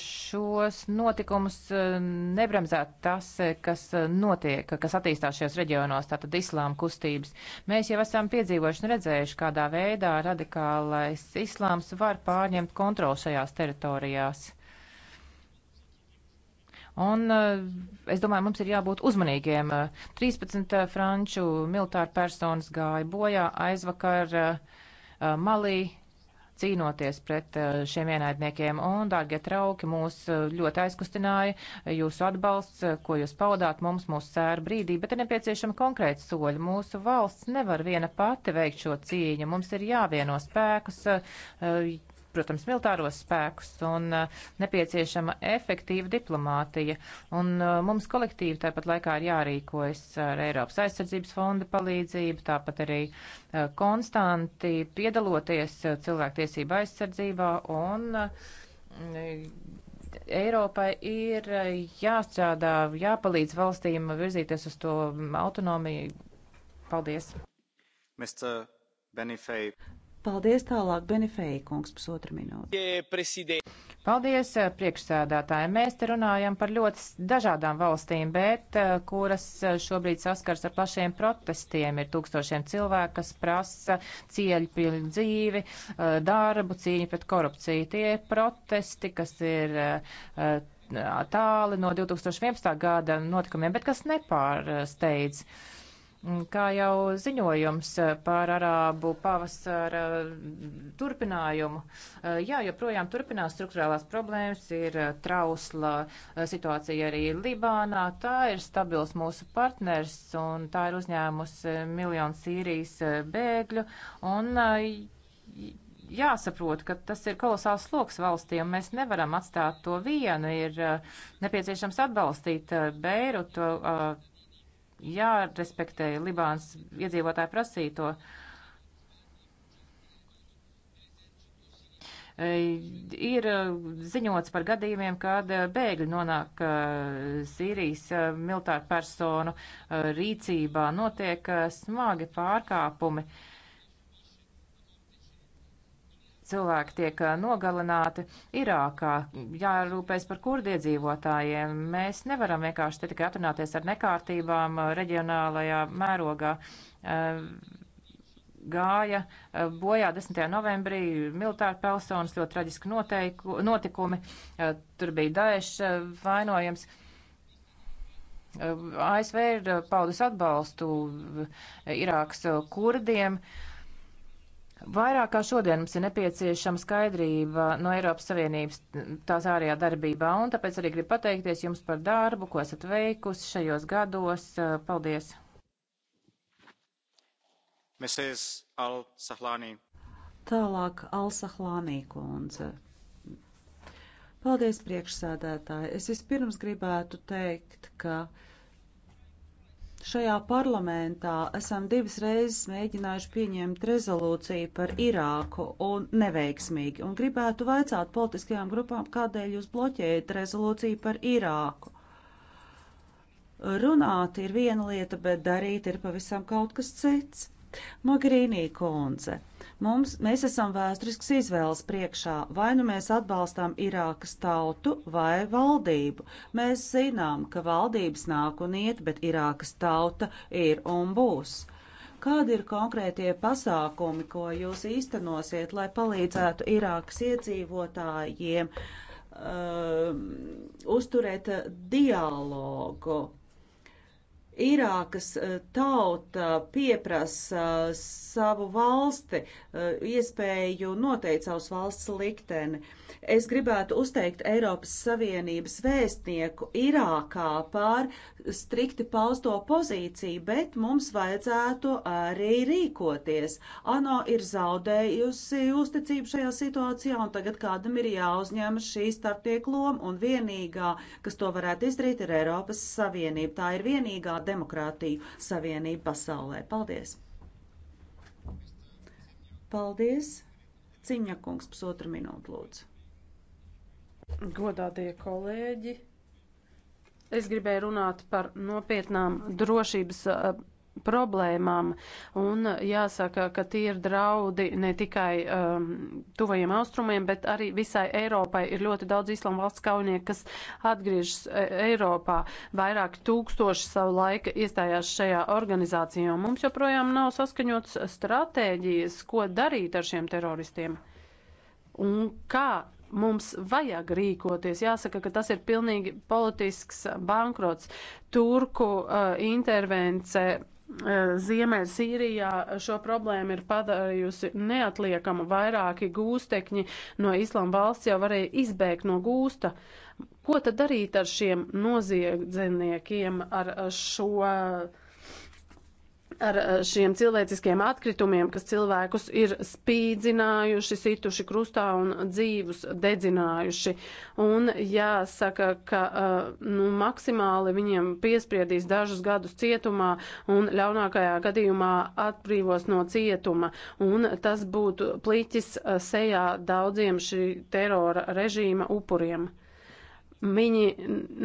[SPEAKER 2] šos notikumus eh, nebremzēt tas, eh, kas eh, notiek, kas attīstās šajos reģionos, tātad islāma kustības. Mēs jau esam piedzīvojuši un redzējuši, kādā veidā radikālais islāms var pārņemt kontroli šajās teritorijās. Un es domāju, mums ir jābūt uzmanīgiem. 13 franču militāru personas gāja bojā aizvakar Malī cīnoties pret eh, šiem ienaidniekiem. Un, dārgie trauki, mūs eh, ļoti aizkustināja jūsu atbalsts, eh, ko jūs paudāt mums mūsu sēru brīdī, bet ir nepieciešama konkrēta soļa. Mūsu valsts nevar viena pati veikt šo cīņu. Mums ir jāvieno spēkus protams, militāros spēkus un eh, nepieciešama efektīva diplomātija. Un eh, mums kolektīvi tāpat laikā ir jārīkojas ar Eiropas aizsardzības fonda palīdzību, tāpat arī eh, konstanti piedaloties cilvēktiesība aizsardzībā un Eiropai ir jāstrādā, jāpalīdz valstīm virzīties uz to autonomiju. Paldies! Mr. Benifei. Paldies tālāk, Benefēja kungs, pusotra minūte. Paldies, eh, priekšsēdātāji. Mēs te runājam par ļoti dažādām valstīm, bet eh, kuras eh, šobrīd saskars ar plašiem protestiem. Ir tūkstošiem cilvēku, kas prasa cieļu pilnu dzīvi, darbu, cīņu pret korupciju. Tie protesti, kas ir tāli no 2011. gada notikumiem, bet kas nepārsteidz. Mm, kā jau ziņojums eh, par arābu pavasara mm, turpinājumu, eh, jā, joprojām turpinās struktūrālās problēmas, ir eh, trausla situācija arī Libānā, tā ir stabils mūsu partners un tā ir uzņēmusi miljonu Sīrijas bēgļu. Un, jāsaprot, ka tas ir kolosāls sloks valstīm. Mēs nevaram atstāt to vienu. Ir nepieciešams atbalstīt Beirutu jārespektē Libānas iedzīvotāju prasīto. E, ir e, ziņots par gadījumiem, kad e, bēgļi nonāk Sīrijas militāru personu rīcībā, notiek smagi pārkāpumi. Uh, cilvēki tiek nogalināti Irākā, jārūpēs par kurdiedzīvotājiem. Mēs nevaram vienkārši te tikai atrunāties ar nekārtībām reģionālajā mērogā. Gāja bojā 10. novembrī militāri personas, ļoti traģiski noteiku, notikumi, tur bija Daeša vainojums. ASV ir paudus atbalstu Irāks kurdiem. Uh, Vairāk kā šodien mums ir nepieciešama skaidrība no Eiropas Savienības tās ārējā darbībā, un tāpēc arī gribu pateikties jums par darbu, ko esat veikusi šajos gados. Paldies! Mrs. Al-Sahlānī.
[SPEAKER 3] Tālāk Al-Sahlānī kundze. Paldies, priekšsēdētāji. Es vispirms gribētu teikt, ka. Uh, Šajā parlamentā esam divas reizes mēģinājuši pieņemt rezolūciju par Irāku un neveiksmīgi, un gribētu vaicāt politiskajām grupām, kādēļ jūs bloķējat rezolūciju par Irāku. Runāt ir viena lieta, bet darīt ir pavisam kaut kas cits. Magrīnī kundze. Mums, mēs esam vēsturisks izvēles priekšā. Vai nu mēs atbalstām Irākas tautu vai valdību. Mēs zinām, ka valdības nāk un iet, bet Irākas tauta ir un būs. Kādi ir konkrētie pasākumi, ko jūs īstenosiet, lai palīdzētu Irākas iedzīvotājiem uh, uzturēt dialogu? Irākas eh, tauta pieprasa eh, savu valsti, eh, iespēju noteikt savus valsts likteni. Es gribētu uzteikt Eiropas Savienības vēstnieku Irākā pār strikti pausto pozīciju, bet mums vajadzētu arī rīkoties. ANO ir zaudējusi uzticību šajā situācijā, un tagad kādam ir jāuzņem šī starptiek loma, un vienīgā, kas to varētu izdarīt, ir Eiropas Savienība. Tā ir vienīgā demokrātiju savienību pasaulē. Paldies! Paldies! Ciņa kungs, pusotra minūte, lūdzu. Godātie kolēģi,
[SPEAKER 1] es gribēju runāt par nopietnām drošības. Uh, problēmām. Un jāsaka, ka tie ir draudi ne tikai um, tuvajiem austrumiem, bet arī visai Eiropai. Ir ļoti daudz islāma valsts kaujinieku, kas atgriežas e, Eiropā. Vairāk tūkstoši savu laiku iestājās šajā organizācijā. Mums joprojām nav saskaņots stratēģijas, ko darīt ar šiem teroristiem. Un kā mums vajag rīkoties. Jāsaka, ka tas ir pilnīgi politisks bankrots. Turku uh, intervence Eh, Ziemeļsīrijā šo problēmu ir padarījusi neatliekama vairāki gūstekņi no Islām valsts jau varēja izbēgt no gūsta. Ko tad darīt ar šiem noziedzniekiem, ar šo uh, ar eh, šiem cilvēciskiem atkritumiem, kas cilvēkus ir spīdzinājuši, situši krustā un dzīvus dedzinājuši. Un jāsaka, ka eh, nu, maksimāli viņiem piespriedīs dažus gadus cietumā un ļaunākajā gadījumā atbrīvos no cietuma. Un tas būtu pliķis eh, sejā daudziem šī terora režīma upuriem. Viņi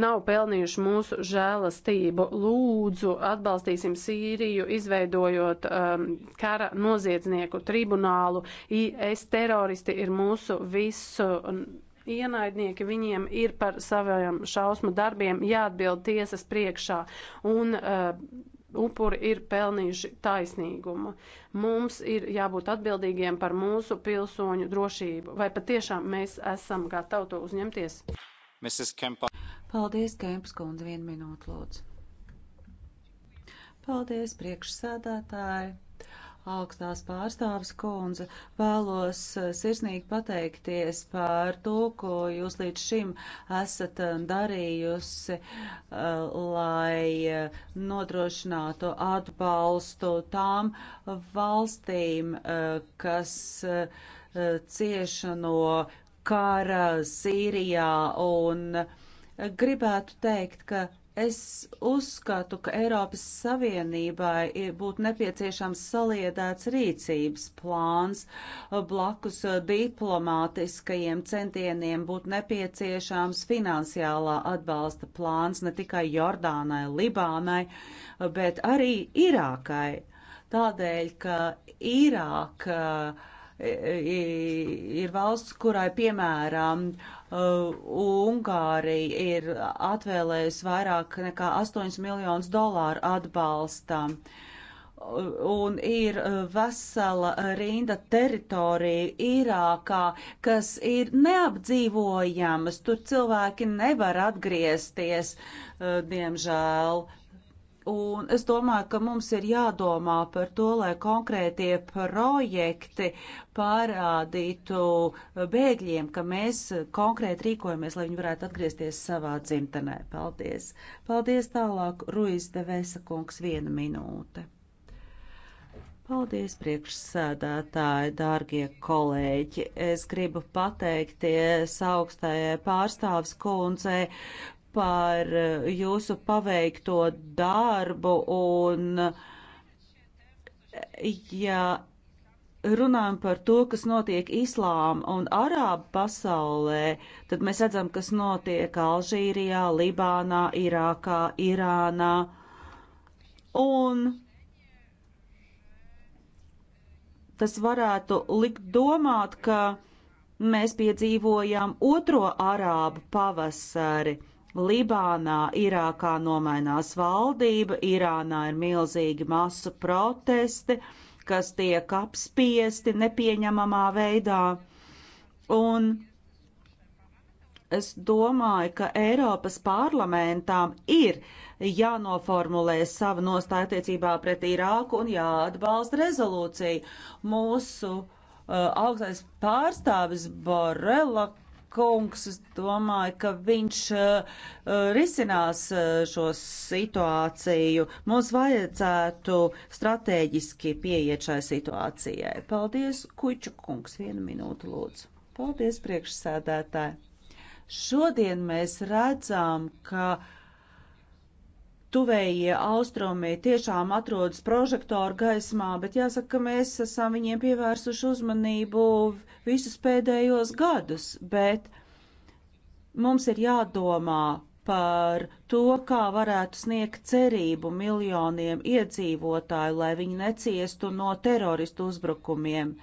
[SPEAKER 1] nav pelnījuši mūsu žēlastību. Lūdzu, atbalstīsim Sīriju, izveidojot um, kara noziedznieku tribunālu. IS teroristi ir mūsu visu ienaidnieki, viņiem ir par saviem šausmu darbiem jāatbild tiesas priekšā. Un, uh, upuri ir pelnījuši taisnīgumu. Mums ir jābūt atbildīgiem par mūsu pilsoņu drošību. Vai patiešām mēs esam gatavi to uzņemties? Kempa. Paldies, Kempas kundze,
[SPEAKER 3] vienu minūtu lūdzu. Paldies, priekšsēdētāji! augstās pārstāvis kundze, vēlos eh, sirsnīgi pateikties par to, ko jūs līdz šim esat eh, darījusi, eh, lai nodrošinātu atbalstu tām valstīm, kas cieši no kara Sīrijā un gribētu teikt, ka Es uzskatu, ka Eiropas Savienībai būtu nepieciešams saliedēts rīcības plāns, blakus diplomātiskajiem centieniem būtu nepieciešams finansiālā atbalsta plāns ne tikai Jordānai, Libānai, bet arī Irākai. Tādēļ, ka Irāka E, e, ir valsts, kurai, piemēram, e, Ungārija ir atvēlējusi vairāk nekā 8 miljonus dolāru atbalstam un ir vesela rinda teritorija Irākā, kas ir neapdzīvojamas. Tur cilvēki nevar atgriezties, diemžēl. Un es domāju, ka mums ir jādomā par to, lai konkrētie projekti parādītu bēgļiem, ka mēs konkrēti rīkojamies, lai viņi varētu atgriezties savā dzimtenē. Paldies! Paldies tālāk, Ruiz Devesa kungs, viena minūte. Paldies, priekšsēdētāji, dārgie kolēģi. Es gribu pateikties augstajai pārstāvis kundzei par eh, jūsu paveikto darbu un, eh, ja runājam par to, kas notiek islāma un arābu pasaulē, tad mēs redzam, kas notiek Alžīrijā, Libānā, Irākā, Irānā. Un tas varētu likt domāt, ka mēs piedzīvojām otro arābu pavasari. Libānā, Irākā nomainās valdība, Irānā ir milzīgi masu protesti, kas tiek apspiesti nepieņemamā veidā. Un es domāju, ka Eiropas parlamentām ir jānoformulē sava nostāja attiecībā pret Irāku un jāatbalsta rezolūcija. Mūsu uh, augstais pārstāvis Borela kungs, es domāju, ka viņš uh, risinās uh, šo situāciju. Mums vajadzētu strateģiski pieiet šai situācijai. Paldies, Kuču kungs, vienu minūtu lūdzu. Paldies, priekšsēdētāji. Šodien mēs redzam, ka tuvējie austrumi tiešām atrodas prožektoru gaismā, bet jāsaka, ka mēs esam viņiem pievērsuši uzmanību visus pēdējos gadus, bet mums ir jādomā par to, kā varētu sniegt cerību miljoniem iedzīvotāju, lai viņi neciestu no teroristu uzbrukumiem.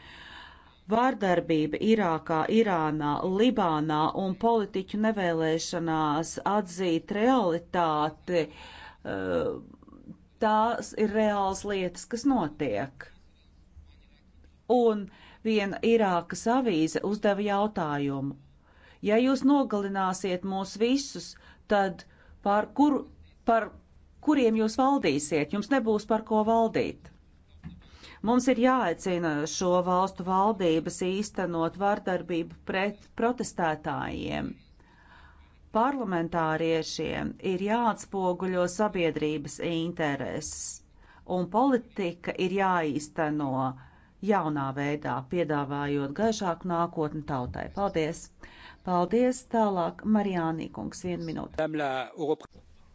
[SPEAKER 3] Vārdarbība Irākā, Irānā, Libānā un politiķu nevēlēšanās atzīt realitāti, eh, tās ir reāls lietas, kas notiek. Un uh, viena Irākas avīze uzdeva jautājumu. Ja jūs nogalināsiet mūs visus, tad par, kur, par kuriem jūs valdīsiet? Jums nebūs par ko valdīt. Mums ir jāaicina šo valstu valdības īstenot vardarbību pret protestētājiem parlamentāriešiem ir jāatspoguļo sabiedrības intereses, un politika ir jāīsteno jaunā veidā, piedāvājot gaišāku nākotni tautai. Paldies! Paldies! Tālāk Marijānī kungs, vienu minūtu.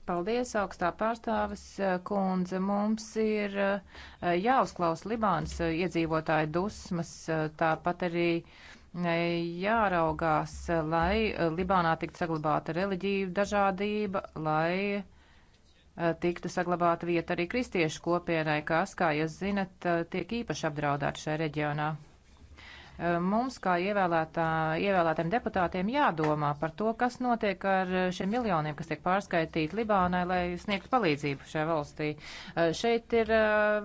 [SPEAKER 2] Paldies, augstā pārstāvis eh, kundze. Mums ir eh, jāuzklaus Libānas eh, iedzīvotāju dusmas, tāpat arī jāraugās, lai Libānā tiktu saglabāta reliģija dažādība, lai Eh, tiktu saglabāta vieta arī kristiešu kopienai, kas, kā jūs zinat, eh, tiek īpaši apdraudēta šajā reģionā. Eh, mums, kā ievēlētā, ievēlētiem deputātiem, jādomā par to, kas notiek ar šiem miljoniem, kas tiek pārskaitīti Libānai, lai sniegtu palīdzību šajā valstī. Šeit ir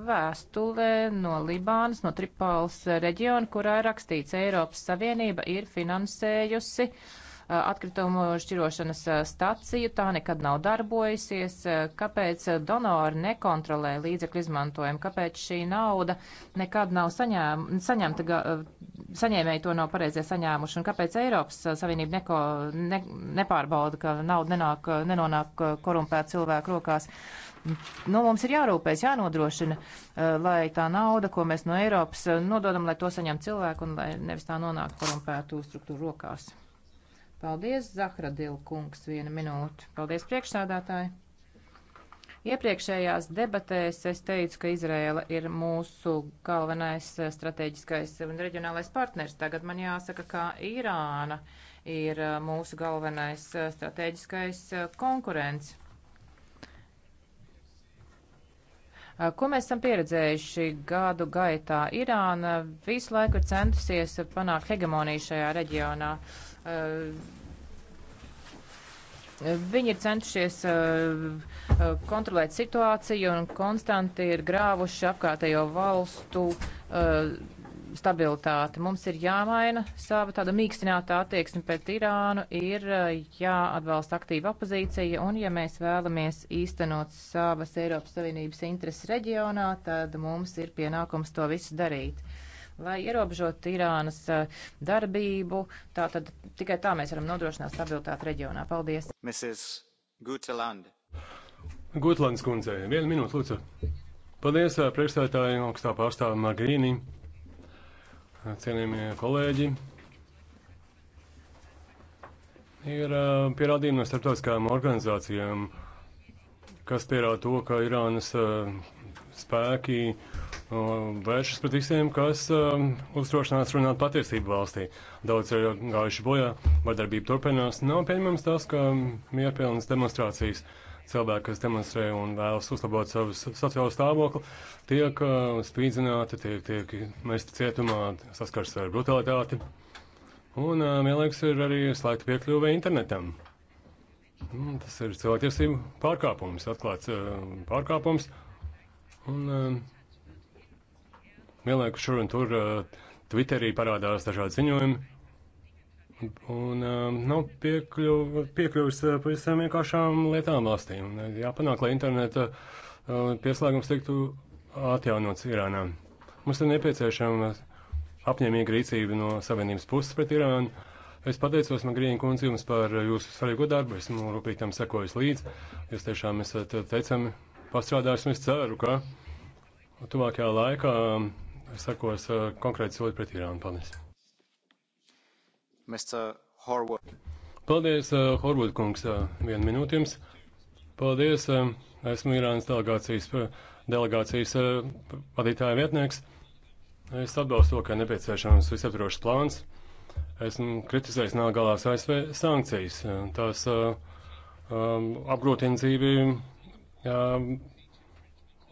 [SPEAKER 2] vēstule no Libānas, no Tripāls reģiona, kurā ir rakstīts, Eiropas Savienība ir finansējusi uh, atkritumu šķirošanas eh, staciju. Tā nekad nav darbojusies. Eh, kāpēc donori nekontrolē līdzekļu izmantojumu? Kāpēc šī nauda nekad nav saņēm, saņemta, eh, saņēmēji to nav pareizie saņēmuši? Un kāpēc Eiropas Savienība neko, ne, nepārbauda, ka nauda nenāk, nenonāk korumpēt cilvēku rokās? nu, mums ir jārūpēs, jānodrošina, lai tā nauda, ko mēs no Eiropas nododam, lai to saņem cilvēku un lai nevis tā nonāk korumpētu struktūru rokās. Paldies, Zahradil kungs, viena minūte. Paldies, priekšsādātāji. Iepriekšējās debatēs es teicu, ka Izrēla ir mūsu galvenais eh, strateģiskais un reģionālais partners. Tagad man jāsaka, ka Irāna ir eh, mūsu galvenais eh, strateģiskais konkurents. Ko mēs esam pieredzējuši gadu gaitā? Irāna visu laiku ir centusies panākt hegemoniju šajā reģionā. Uh, Ehm, ehm, viņi ir centušies ehm, kontrolēt situāciju un konstanti ir grāvuši apkārtējo valstu stabilitāti. Mums ir jāmaina sava tāda mīkstinātā attieksme pret Irānu, ir jāatbalsta aktīva opozīcija, un ja mēs vēlamies īstenot savas Eiropas Savienības intereses reģionā, tad mums ir pienākums to visu darīt lai ierobežotu Irānas eh, darbību. Tā tad tikai tā mēs varam nodrošināt stabilitāti reģionā. Paldies!
[SPEAKER 4] Mrs. Guteland. Gutlands kundze, vienu minūtu, lūdzu. Paldies eh, priekšstādātāji augstā pārstāvja Margrīnī, eh, cienījamie kolēģi. Ir pierādījumi no starptautiskajām organizācijām, kas pierāda to, ka Irānas spēki vēršas pret visiem, kas uzdrošinās runāt patiesību valstī. Daudz ir gājuši bojā, vardarbība turpinās. Nav pieņemams tas, ka mierpilnas demonstrācijas cilvēki, kas demonstrē un vēlas uzlabot savu sociālo stāvokli, tiek spīdzināti, tiek, tiek mesti cietumā, saskars ar brutalitāti. Un vienlaikus ir arī slēgta piekļuve internetam. Nu, tas ir cilvēktiesību pārkāpums, atklāts pārkāpums. Un um, vienlaikus šur un tur uh, Twitterī parādās dažādi ziņojumi. Un um, nav piekļu, piekļuvis uh, pavisam vienkāršām lietām valstī. Un uh, jāpanāk, lai interneta pieslēgums tiktu atjaunots Irānā. Mums ir nepieciešama apņēmīga rīcība no savienības puses pret Irānu. Es pateicos Magrīņa kundze jums par jūsu svarīgo darbu. Esmu rūpīgi tam sekojis līdzi. Jūs tiešām esat teicami pastrādāsim. Es ceru, ka tuvākajā laikā um, sakos uh, konkrēti sodi pret Irānu. Paldies! Mr. Horwood. Paldies, uh, Horwood kungs, uh, vienu minūti jums. Paldies, uh, esmu Irānas delegācijas, uh, delegācijas uh, vadītāja vietnieks. Es atbalstu to, ka nepieciešams visaptrošs plāns. Esmu kritizējis nākamā galā ASV sankcijas. Tās um, apgrūtina dzīvi um,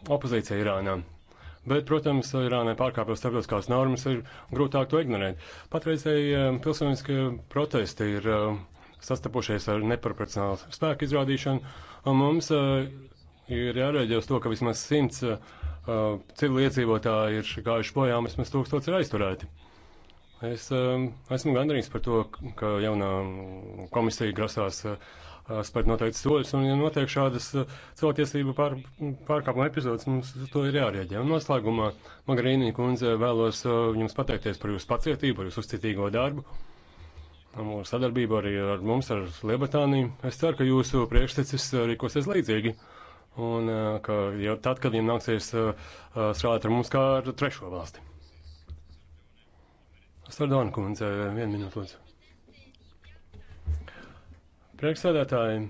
[SPEAKER 4] opozīcija Irānā. Bet, protams, Irānai pārkāpjot starptautiskās normas, ir grūtāk to ignorēt. Patreizēji um, pilsoniskie protesti ir um, sastapušies ar neproporcionālu spēku izrādīšanu, un mums uh, ir jārēģē uz to, ka vismaz simts uh, civili iedzīvotāji ir gājuši bojā, un vismaz tūkstots ir aizturēti. Es um, esmu gandrīz par to, ka jaunā komisija grasās uh, Uh, spērt noteikti soļus, un ja notiek šādas uh, cilvēktiesību pār, pārkāpuma epizodes, mums uz to ir jārēģē. Un noslēgumā, Magarīnī kundze, vēlos uh, jums pateikties par jūsu pacietību, par jūsu uzcitīgo darbu, mūsu sadarbību arī ar mums, ar Liebatāniju. Es ceru, ka jūsu priekštecis rīkosies līdzīgi. Un ka jau tad, kad viņiem nāksies strādāt ar mums kā ar trešo valsti. Sardona kundze, vienu minūtu lūdzu. Priekšsēdētāji,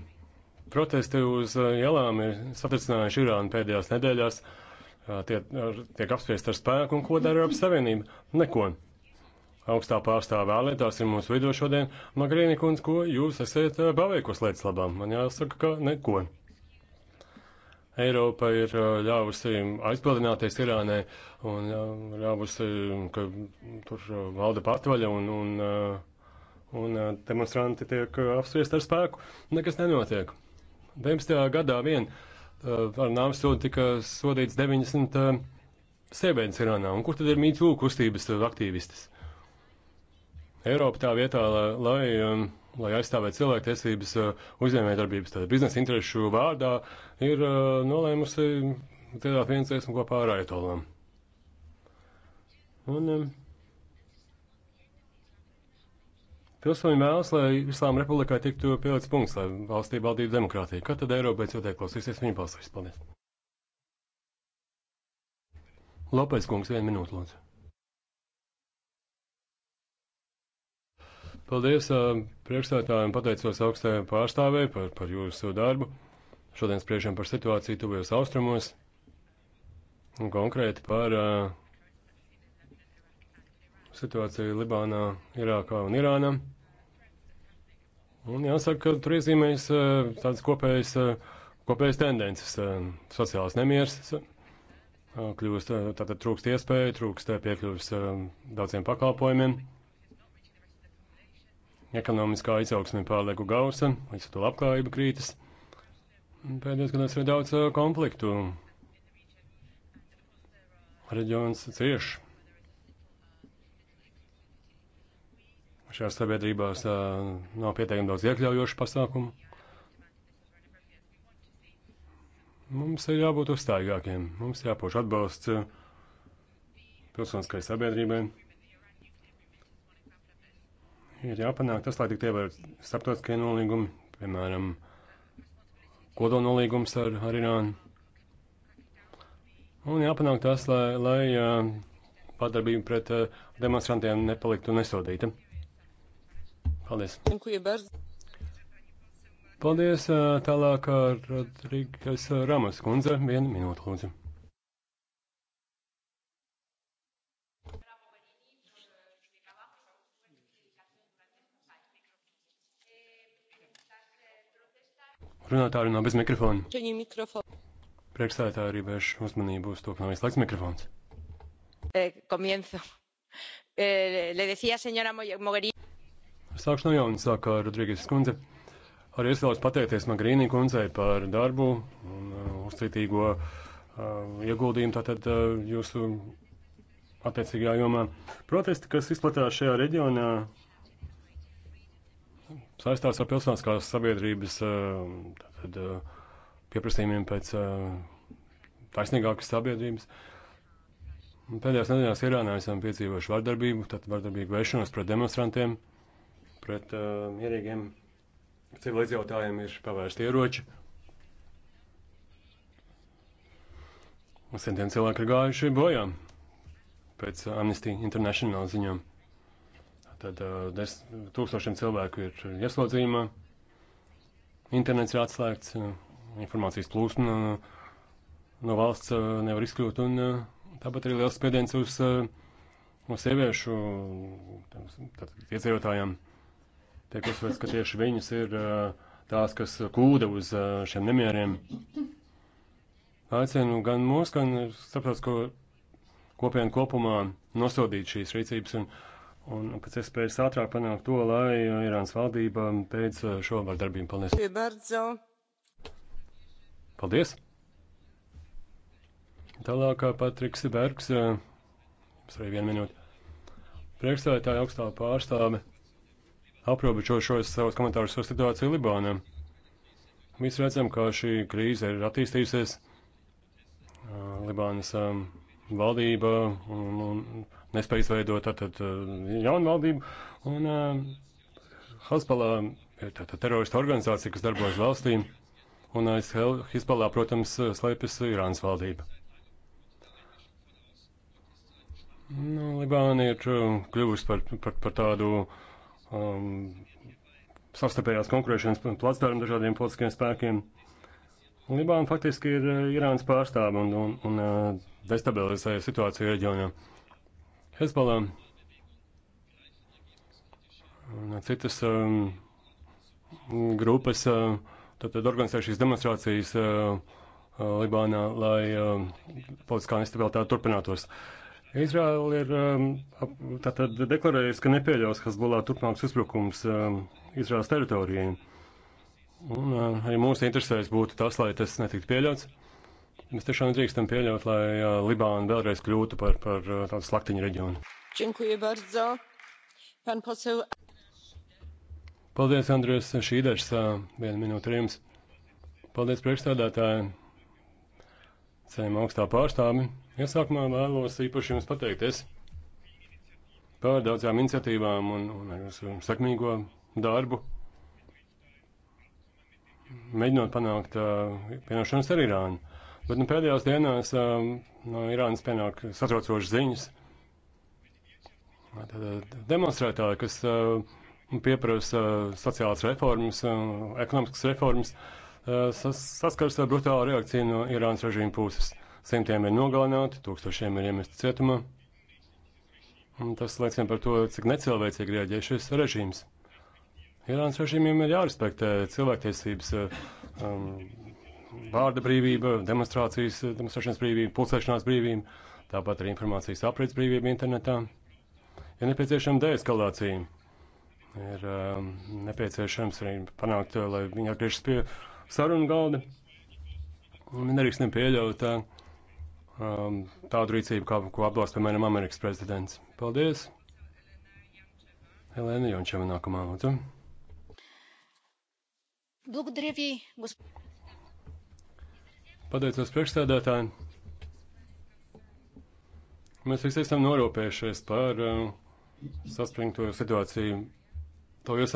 [SPEAKER 4] protesti uz uh, ielām ir satricinājuši Irānu pēdējās nedēļās. Uh, tie, ar, tiek apspriest ar spēku, un ko dara Eiropas Savienība? Neko. Augstā pārstāvē ārlietās ir mūsu vidū šodien. Magrīni kundz, ko jūs esat uh, paveikusi lietas labām? Man jāsaka, ka neko. Eiropa ir ļāvusi aizbildināties Irānai un ļāvusi, ka tur valda patvaļa un, un uh, un demonstranti tiek apspriesti ar spēku, nekas nenotiek. 19. gadā vien ar nāves sodu tika sodīts 90 sievietes Irānā, un kur tad ir mītū kustības aktīvistis? Eiropa tā vietā, lai, lai, lai aizstāvētu cilvēktiesības uzņēmējdarbības, tātad biznesa interesu vārdā, ir nolēmusi dziedāt viens esmu kopā ar Aitolām. Un, um, Pilsoņi vēlas, lai Islāma republikā tiktu pielicis punkts, lai valstī valdītu demokrātija. Kad tad Eiropa beidzot ieklausīsies viņu balsīs? Paldies! Lopais kungs, vienu minūtu, lūdzu. Paldies priekšstādātājiem, pateicos augstajai pārstāvēji par, par jūsu darbu. Šodien spriežam par situāciju tuvajos austrumos un konkrēti par uh, situāciju Libānā, Irākā un Irānā. Un jāsaka, ka tur iezīmējas eh, tādas kopējas, eh, kopējas tendences. Eh, Sociāls nemieris kļūst, tātad trūkst iespēju, trūkst piekļuvis daudziem pakalpojumiem. Ekonomiskā izaugsme pārlieku gausa, līdz ar to labklājība krītas. Pēdējos gados ir daudz konfliktu. Reģions cieši. Šajās sabiedrībās nav pietiekami daudz iekļaujošu pasākumu. Mums ir jābūt uzstājīgākiem, mums jāpoš atbalsts pilsoniskai sabiedrībai. Ir jāpanāk tas, lai tik tie var starptautiskie nolīgumi, piemēram, kodolnolīgums ar, ar Irānu. Un jāpanāk tas, lai, lai uh, padarbība pret uh, demonstrantiem nepaliktu nesodīta. Paldies. Paldies. Tālāk Rodrīgas Ramas kundze. Vienu minūtu, lūdzu. Runātāju nav bez mikrofona. Priekšsēdētāji arī vērš uzmanību uz to, ka nav izslēgts mikrofons.
[SPEAKER 2] Eh, comienzo. Eh, le decía, señora Mogherini.
[SPEAKER 4] Sākšu no jauna, sākā Rodrīgas kundze. Arī es vēlos pateikties Magrīnī kundzei par darbu un uh, uzcītīgo uh, ieguldījumu tātad uh, jūsu attiecīgajā jomā. Protesti, kas izplatās šajā reģionā, saistās ar pilsoniskās sabiedrības uh, tātad, uh, pieprasījumiem pēc uh, taisnīgākas sabiedrības. Pēdējās nedēļās Irānā esam piedzīvojuši vardarbību, tad vardarbīgu vēršanos pret demonstrantiem pret uh, mierīgiem civilizētājiem ir pavērsti ieroči. Simtiem cilvēku ir gājuši bojā pēc Amnesty International ziņām. Tad uh, tūkstošiem cilvēku ir ieslodzījumā, internets ir atslēgts, uh, informācijas plūsma uh, no valsts uh, nevar izkļūt, un uh, tāpat arī liels spiediens uz, uh, uz sieviešu iedzīvotājiem tiek uzsvērts, ka tieši viņas ir tās, kas kūda uz šiem nemieriem. Aicinu gan mūs, gan starptautisko kopienu kopumā nosodīt šīs rīcības un, un pēc iespējas ātrāk panākt to, lai Irānas valdība pēc šo vardarbību
[SPEAKER 2] paldies.
[SPEAKER 4] Paldies! Tālāk Patriks Bergs, jums arī vienu minūti. Priekšstādātāja augstā pārstāve aprobežošos savus komentārus par situāciju Libānā. Mēs redzam, ka šī krīze ir attīstījusies. Libānas valdība un, un nespēja izveidot tātad jaunu valdību. Un Hezbollah ir tātad terorista organizācija, kas darbojas valstī. Un aiz Hezbollah, protams, slēpjas Irānas valdība. Nu, Libāna ir kļuvusi par, par, par tādu uh, um, savstarpējās konkurēšanas platformu dažādiem politiskiem spēkiem. Libāna faktiski ir uh, Irānas pārstāve un, un, un uh, destabilizēja situāciju reģionā. Hezbollah un citas um, grupas uh, tātad organizē šīs demonstrācijas uh, uh Libānā, lai uh, politiskā nestabilitāte turpinātos. Uh, Izraela ir um, tātad deklarējusi, ka nepieļaus Hezbollah turpmākus uzbrukums um, Izraels teritorijai. Un uh, arī mūsu interesēs būtu tas, lai tas netiktu pieļauts. Mēs tiešām drīkstam pieļaut, lai uh, Libāna vēlreiz kļūtu par, par uh, tādu slaktiņu reģionu. Paldies, Andrēs Šīders, viena minūte arī jums. Paldies priekšstādātāji, ceļam augstā pārstāvi. Iesākumā vēlos īpaši jums pateikties par daudzām iniciatīvām un, un ar jūsu sekmīgo darbu, mēģinot panākt uh, pienākšanos ar Irānu. Bet nu, pēdējās dienās uh, no Irānas pienāk satraucošas ziņas. Tātad demonstrētāji, kas uh, pieprasa uh, sociālas reformas, uh, ekonomiskas reformas, uh, sas saskars ar brutālu reakciju no Irānas režīma puses. Uh, Simtiem ir nogalināti, tūkstošiem ir iemesti cietumā. Un tas liecina par to, cik necilvēcīgi rēģē šis režīms. Irānas režīmiem ir jārespektē cilvēktiesības, um, vārda brīvība, demonstrācijas, demonstrēšanas brīvība, pulcēšanās brīvība, tāpat arī informācijas aprits brīvība internetā. Ir nepieciešama deeskalācija. Ir um, nepieciešams arī panākt, lai viņi atgriežas pie sarunu galda. Un nedrīkstam pieļaut. Uh, um, tādu rīcību, kā, ko apbalst, piemēram, Amerikas prezidents. Paldies! Helēna Jončeva nākamā lūdzu. Pateicos priekšstādātājiem. Mēs visi esam norūpējušies par uh, saspringto situāciju. To jūs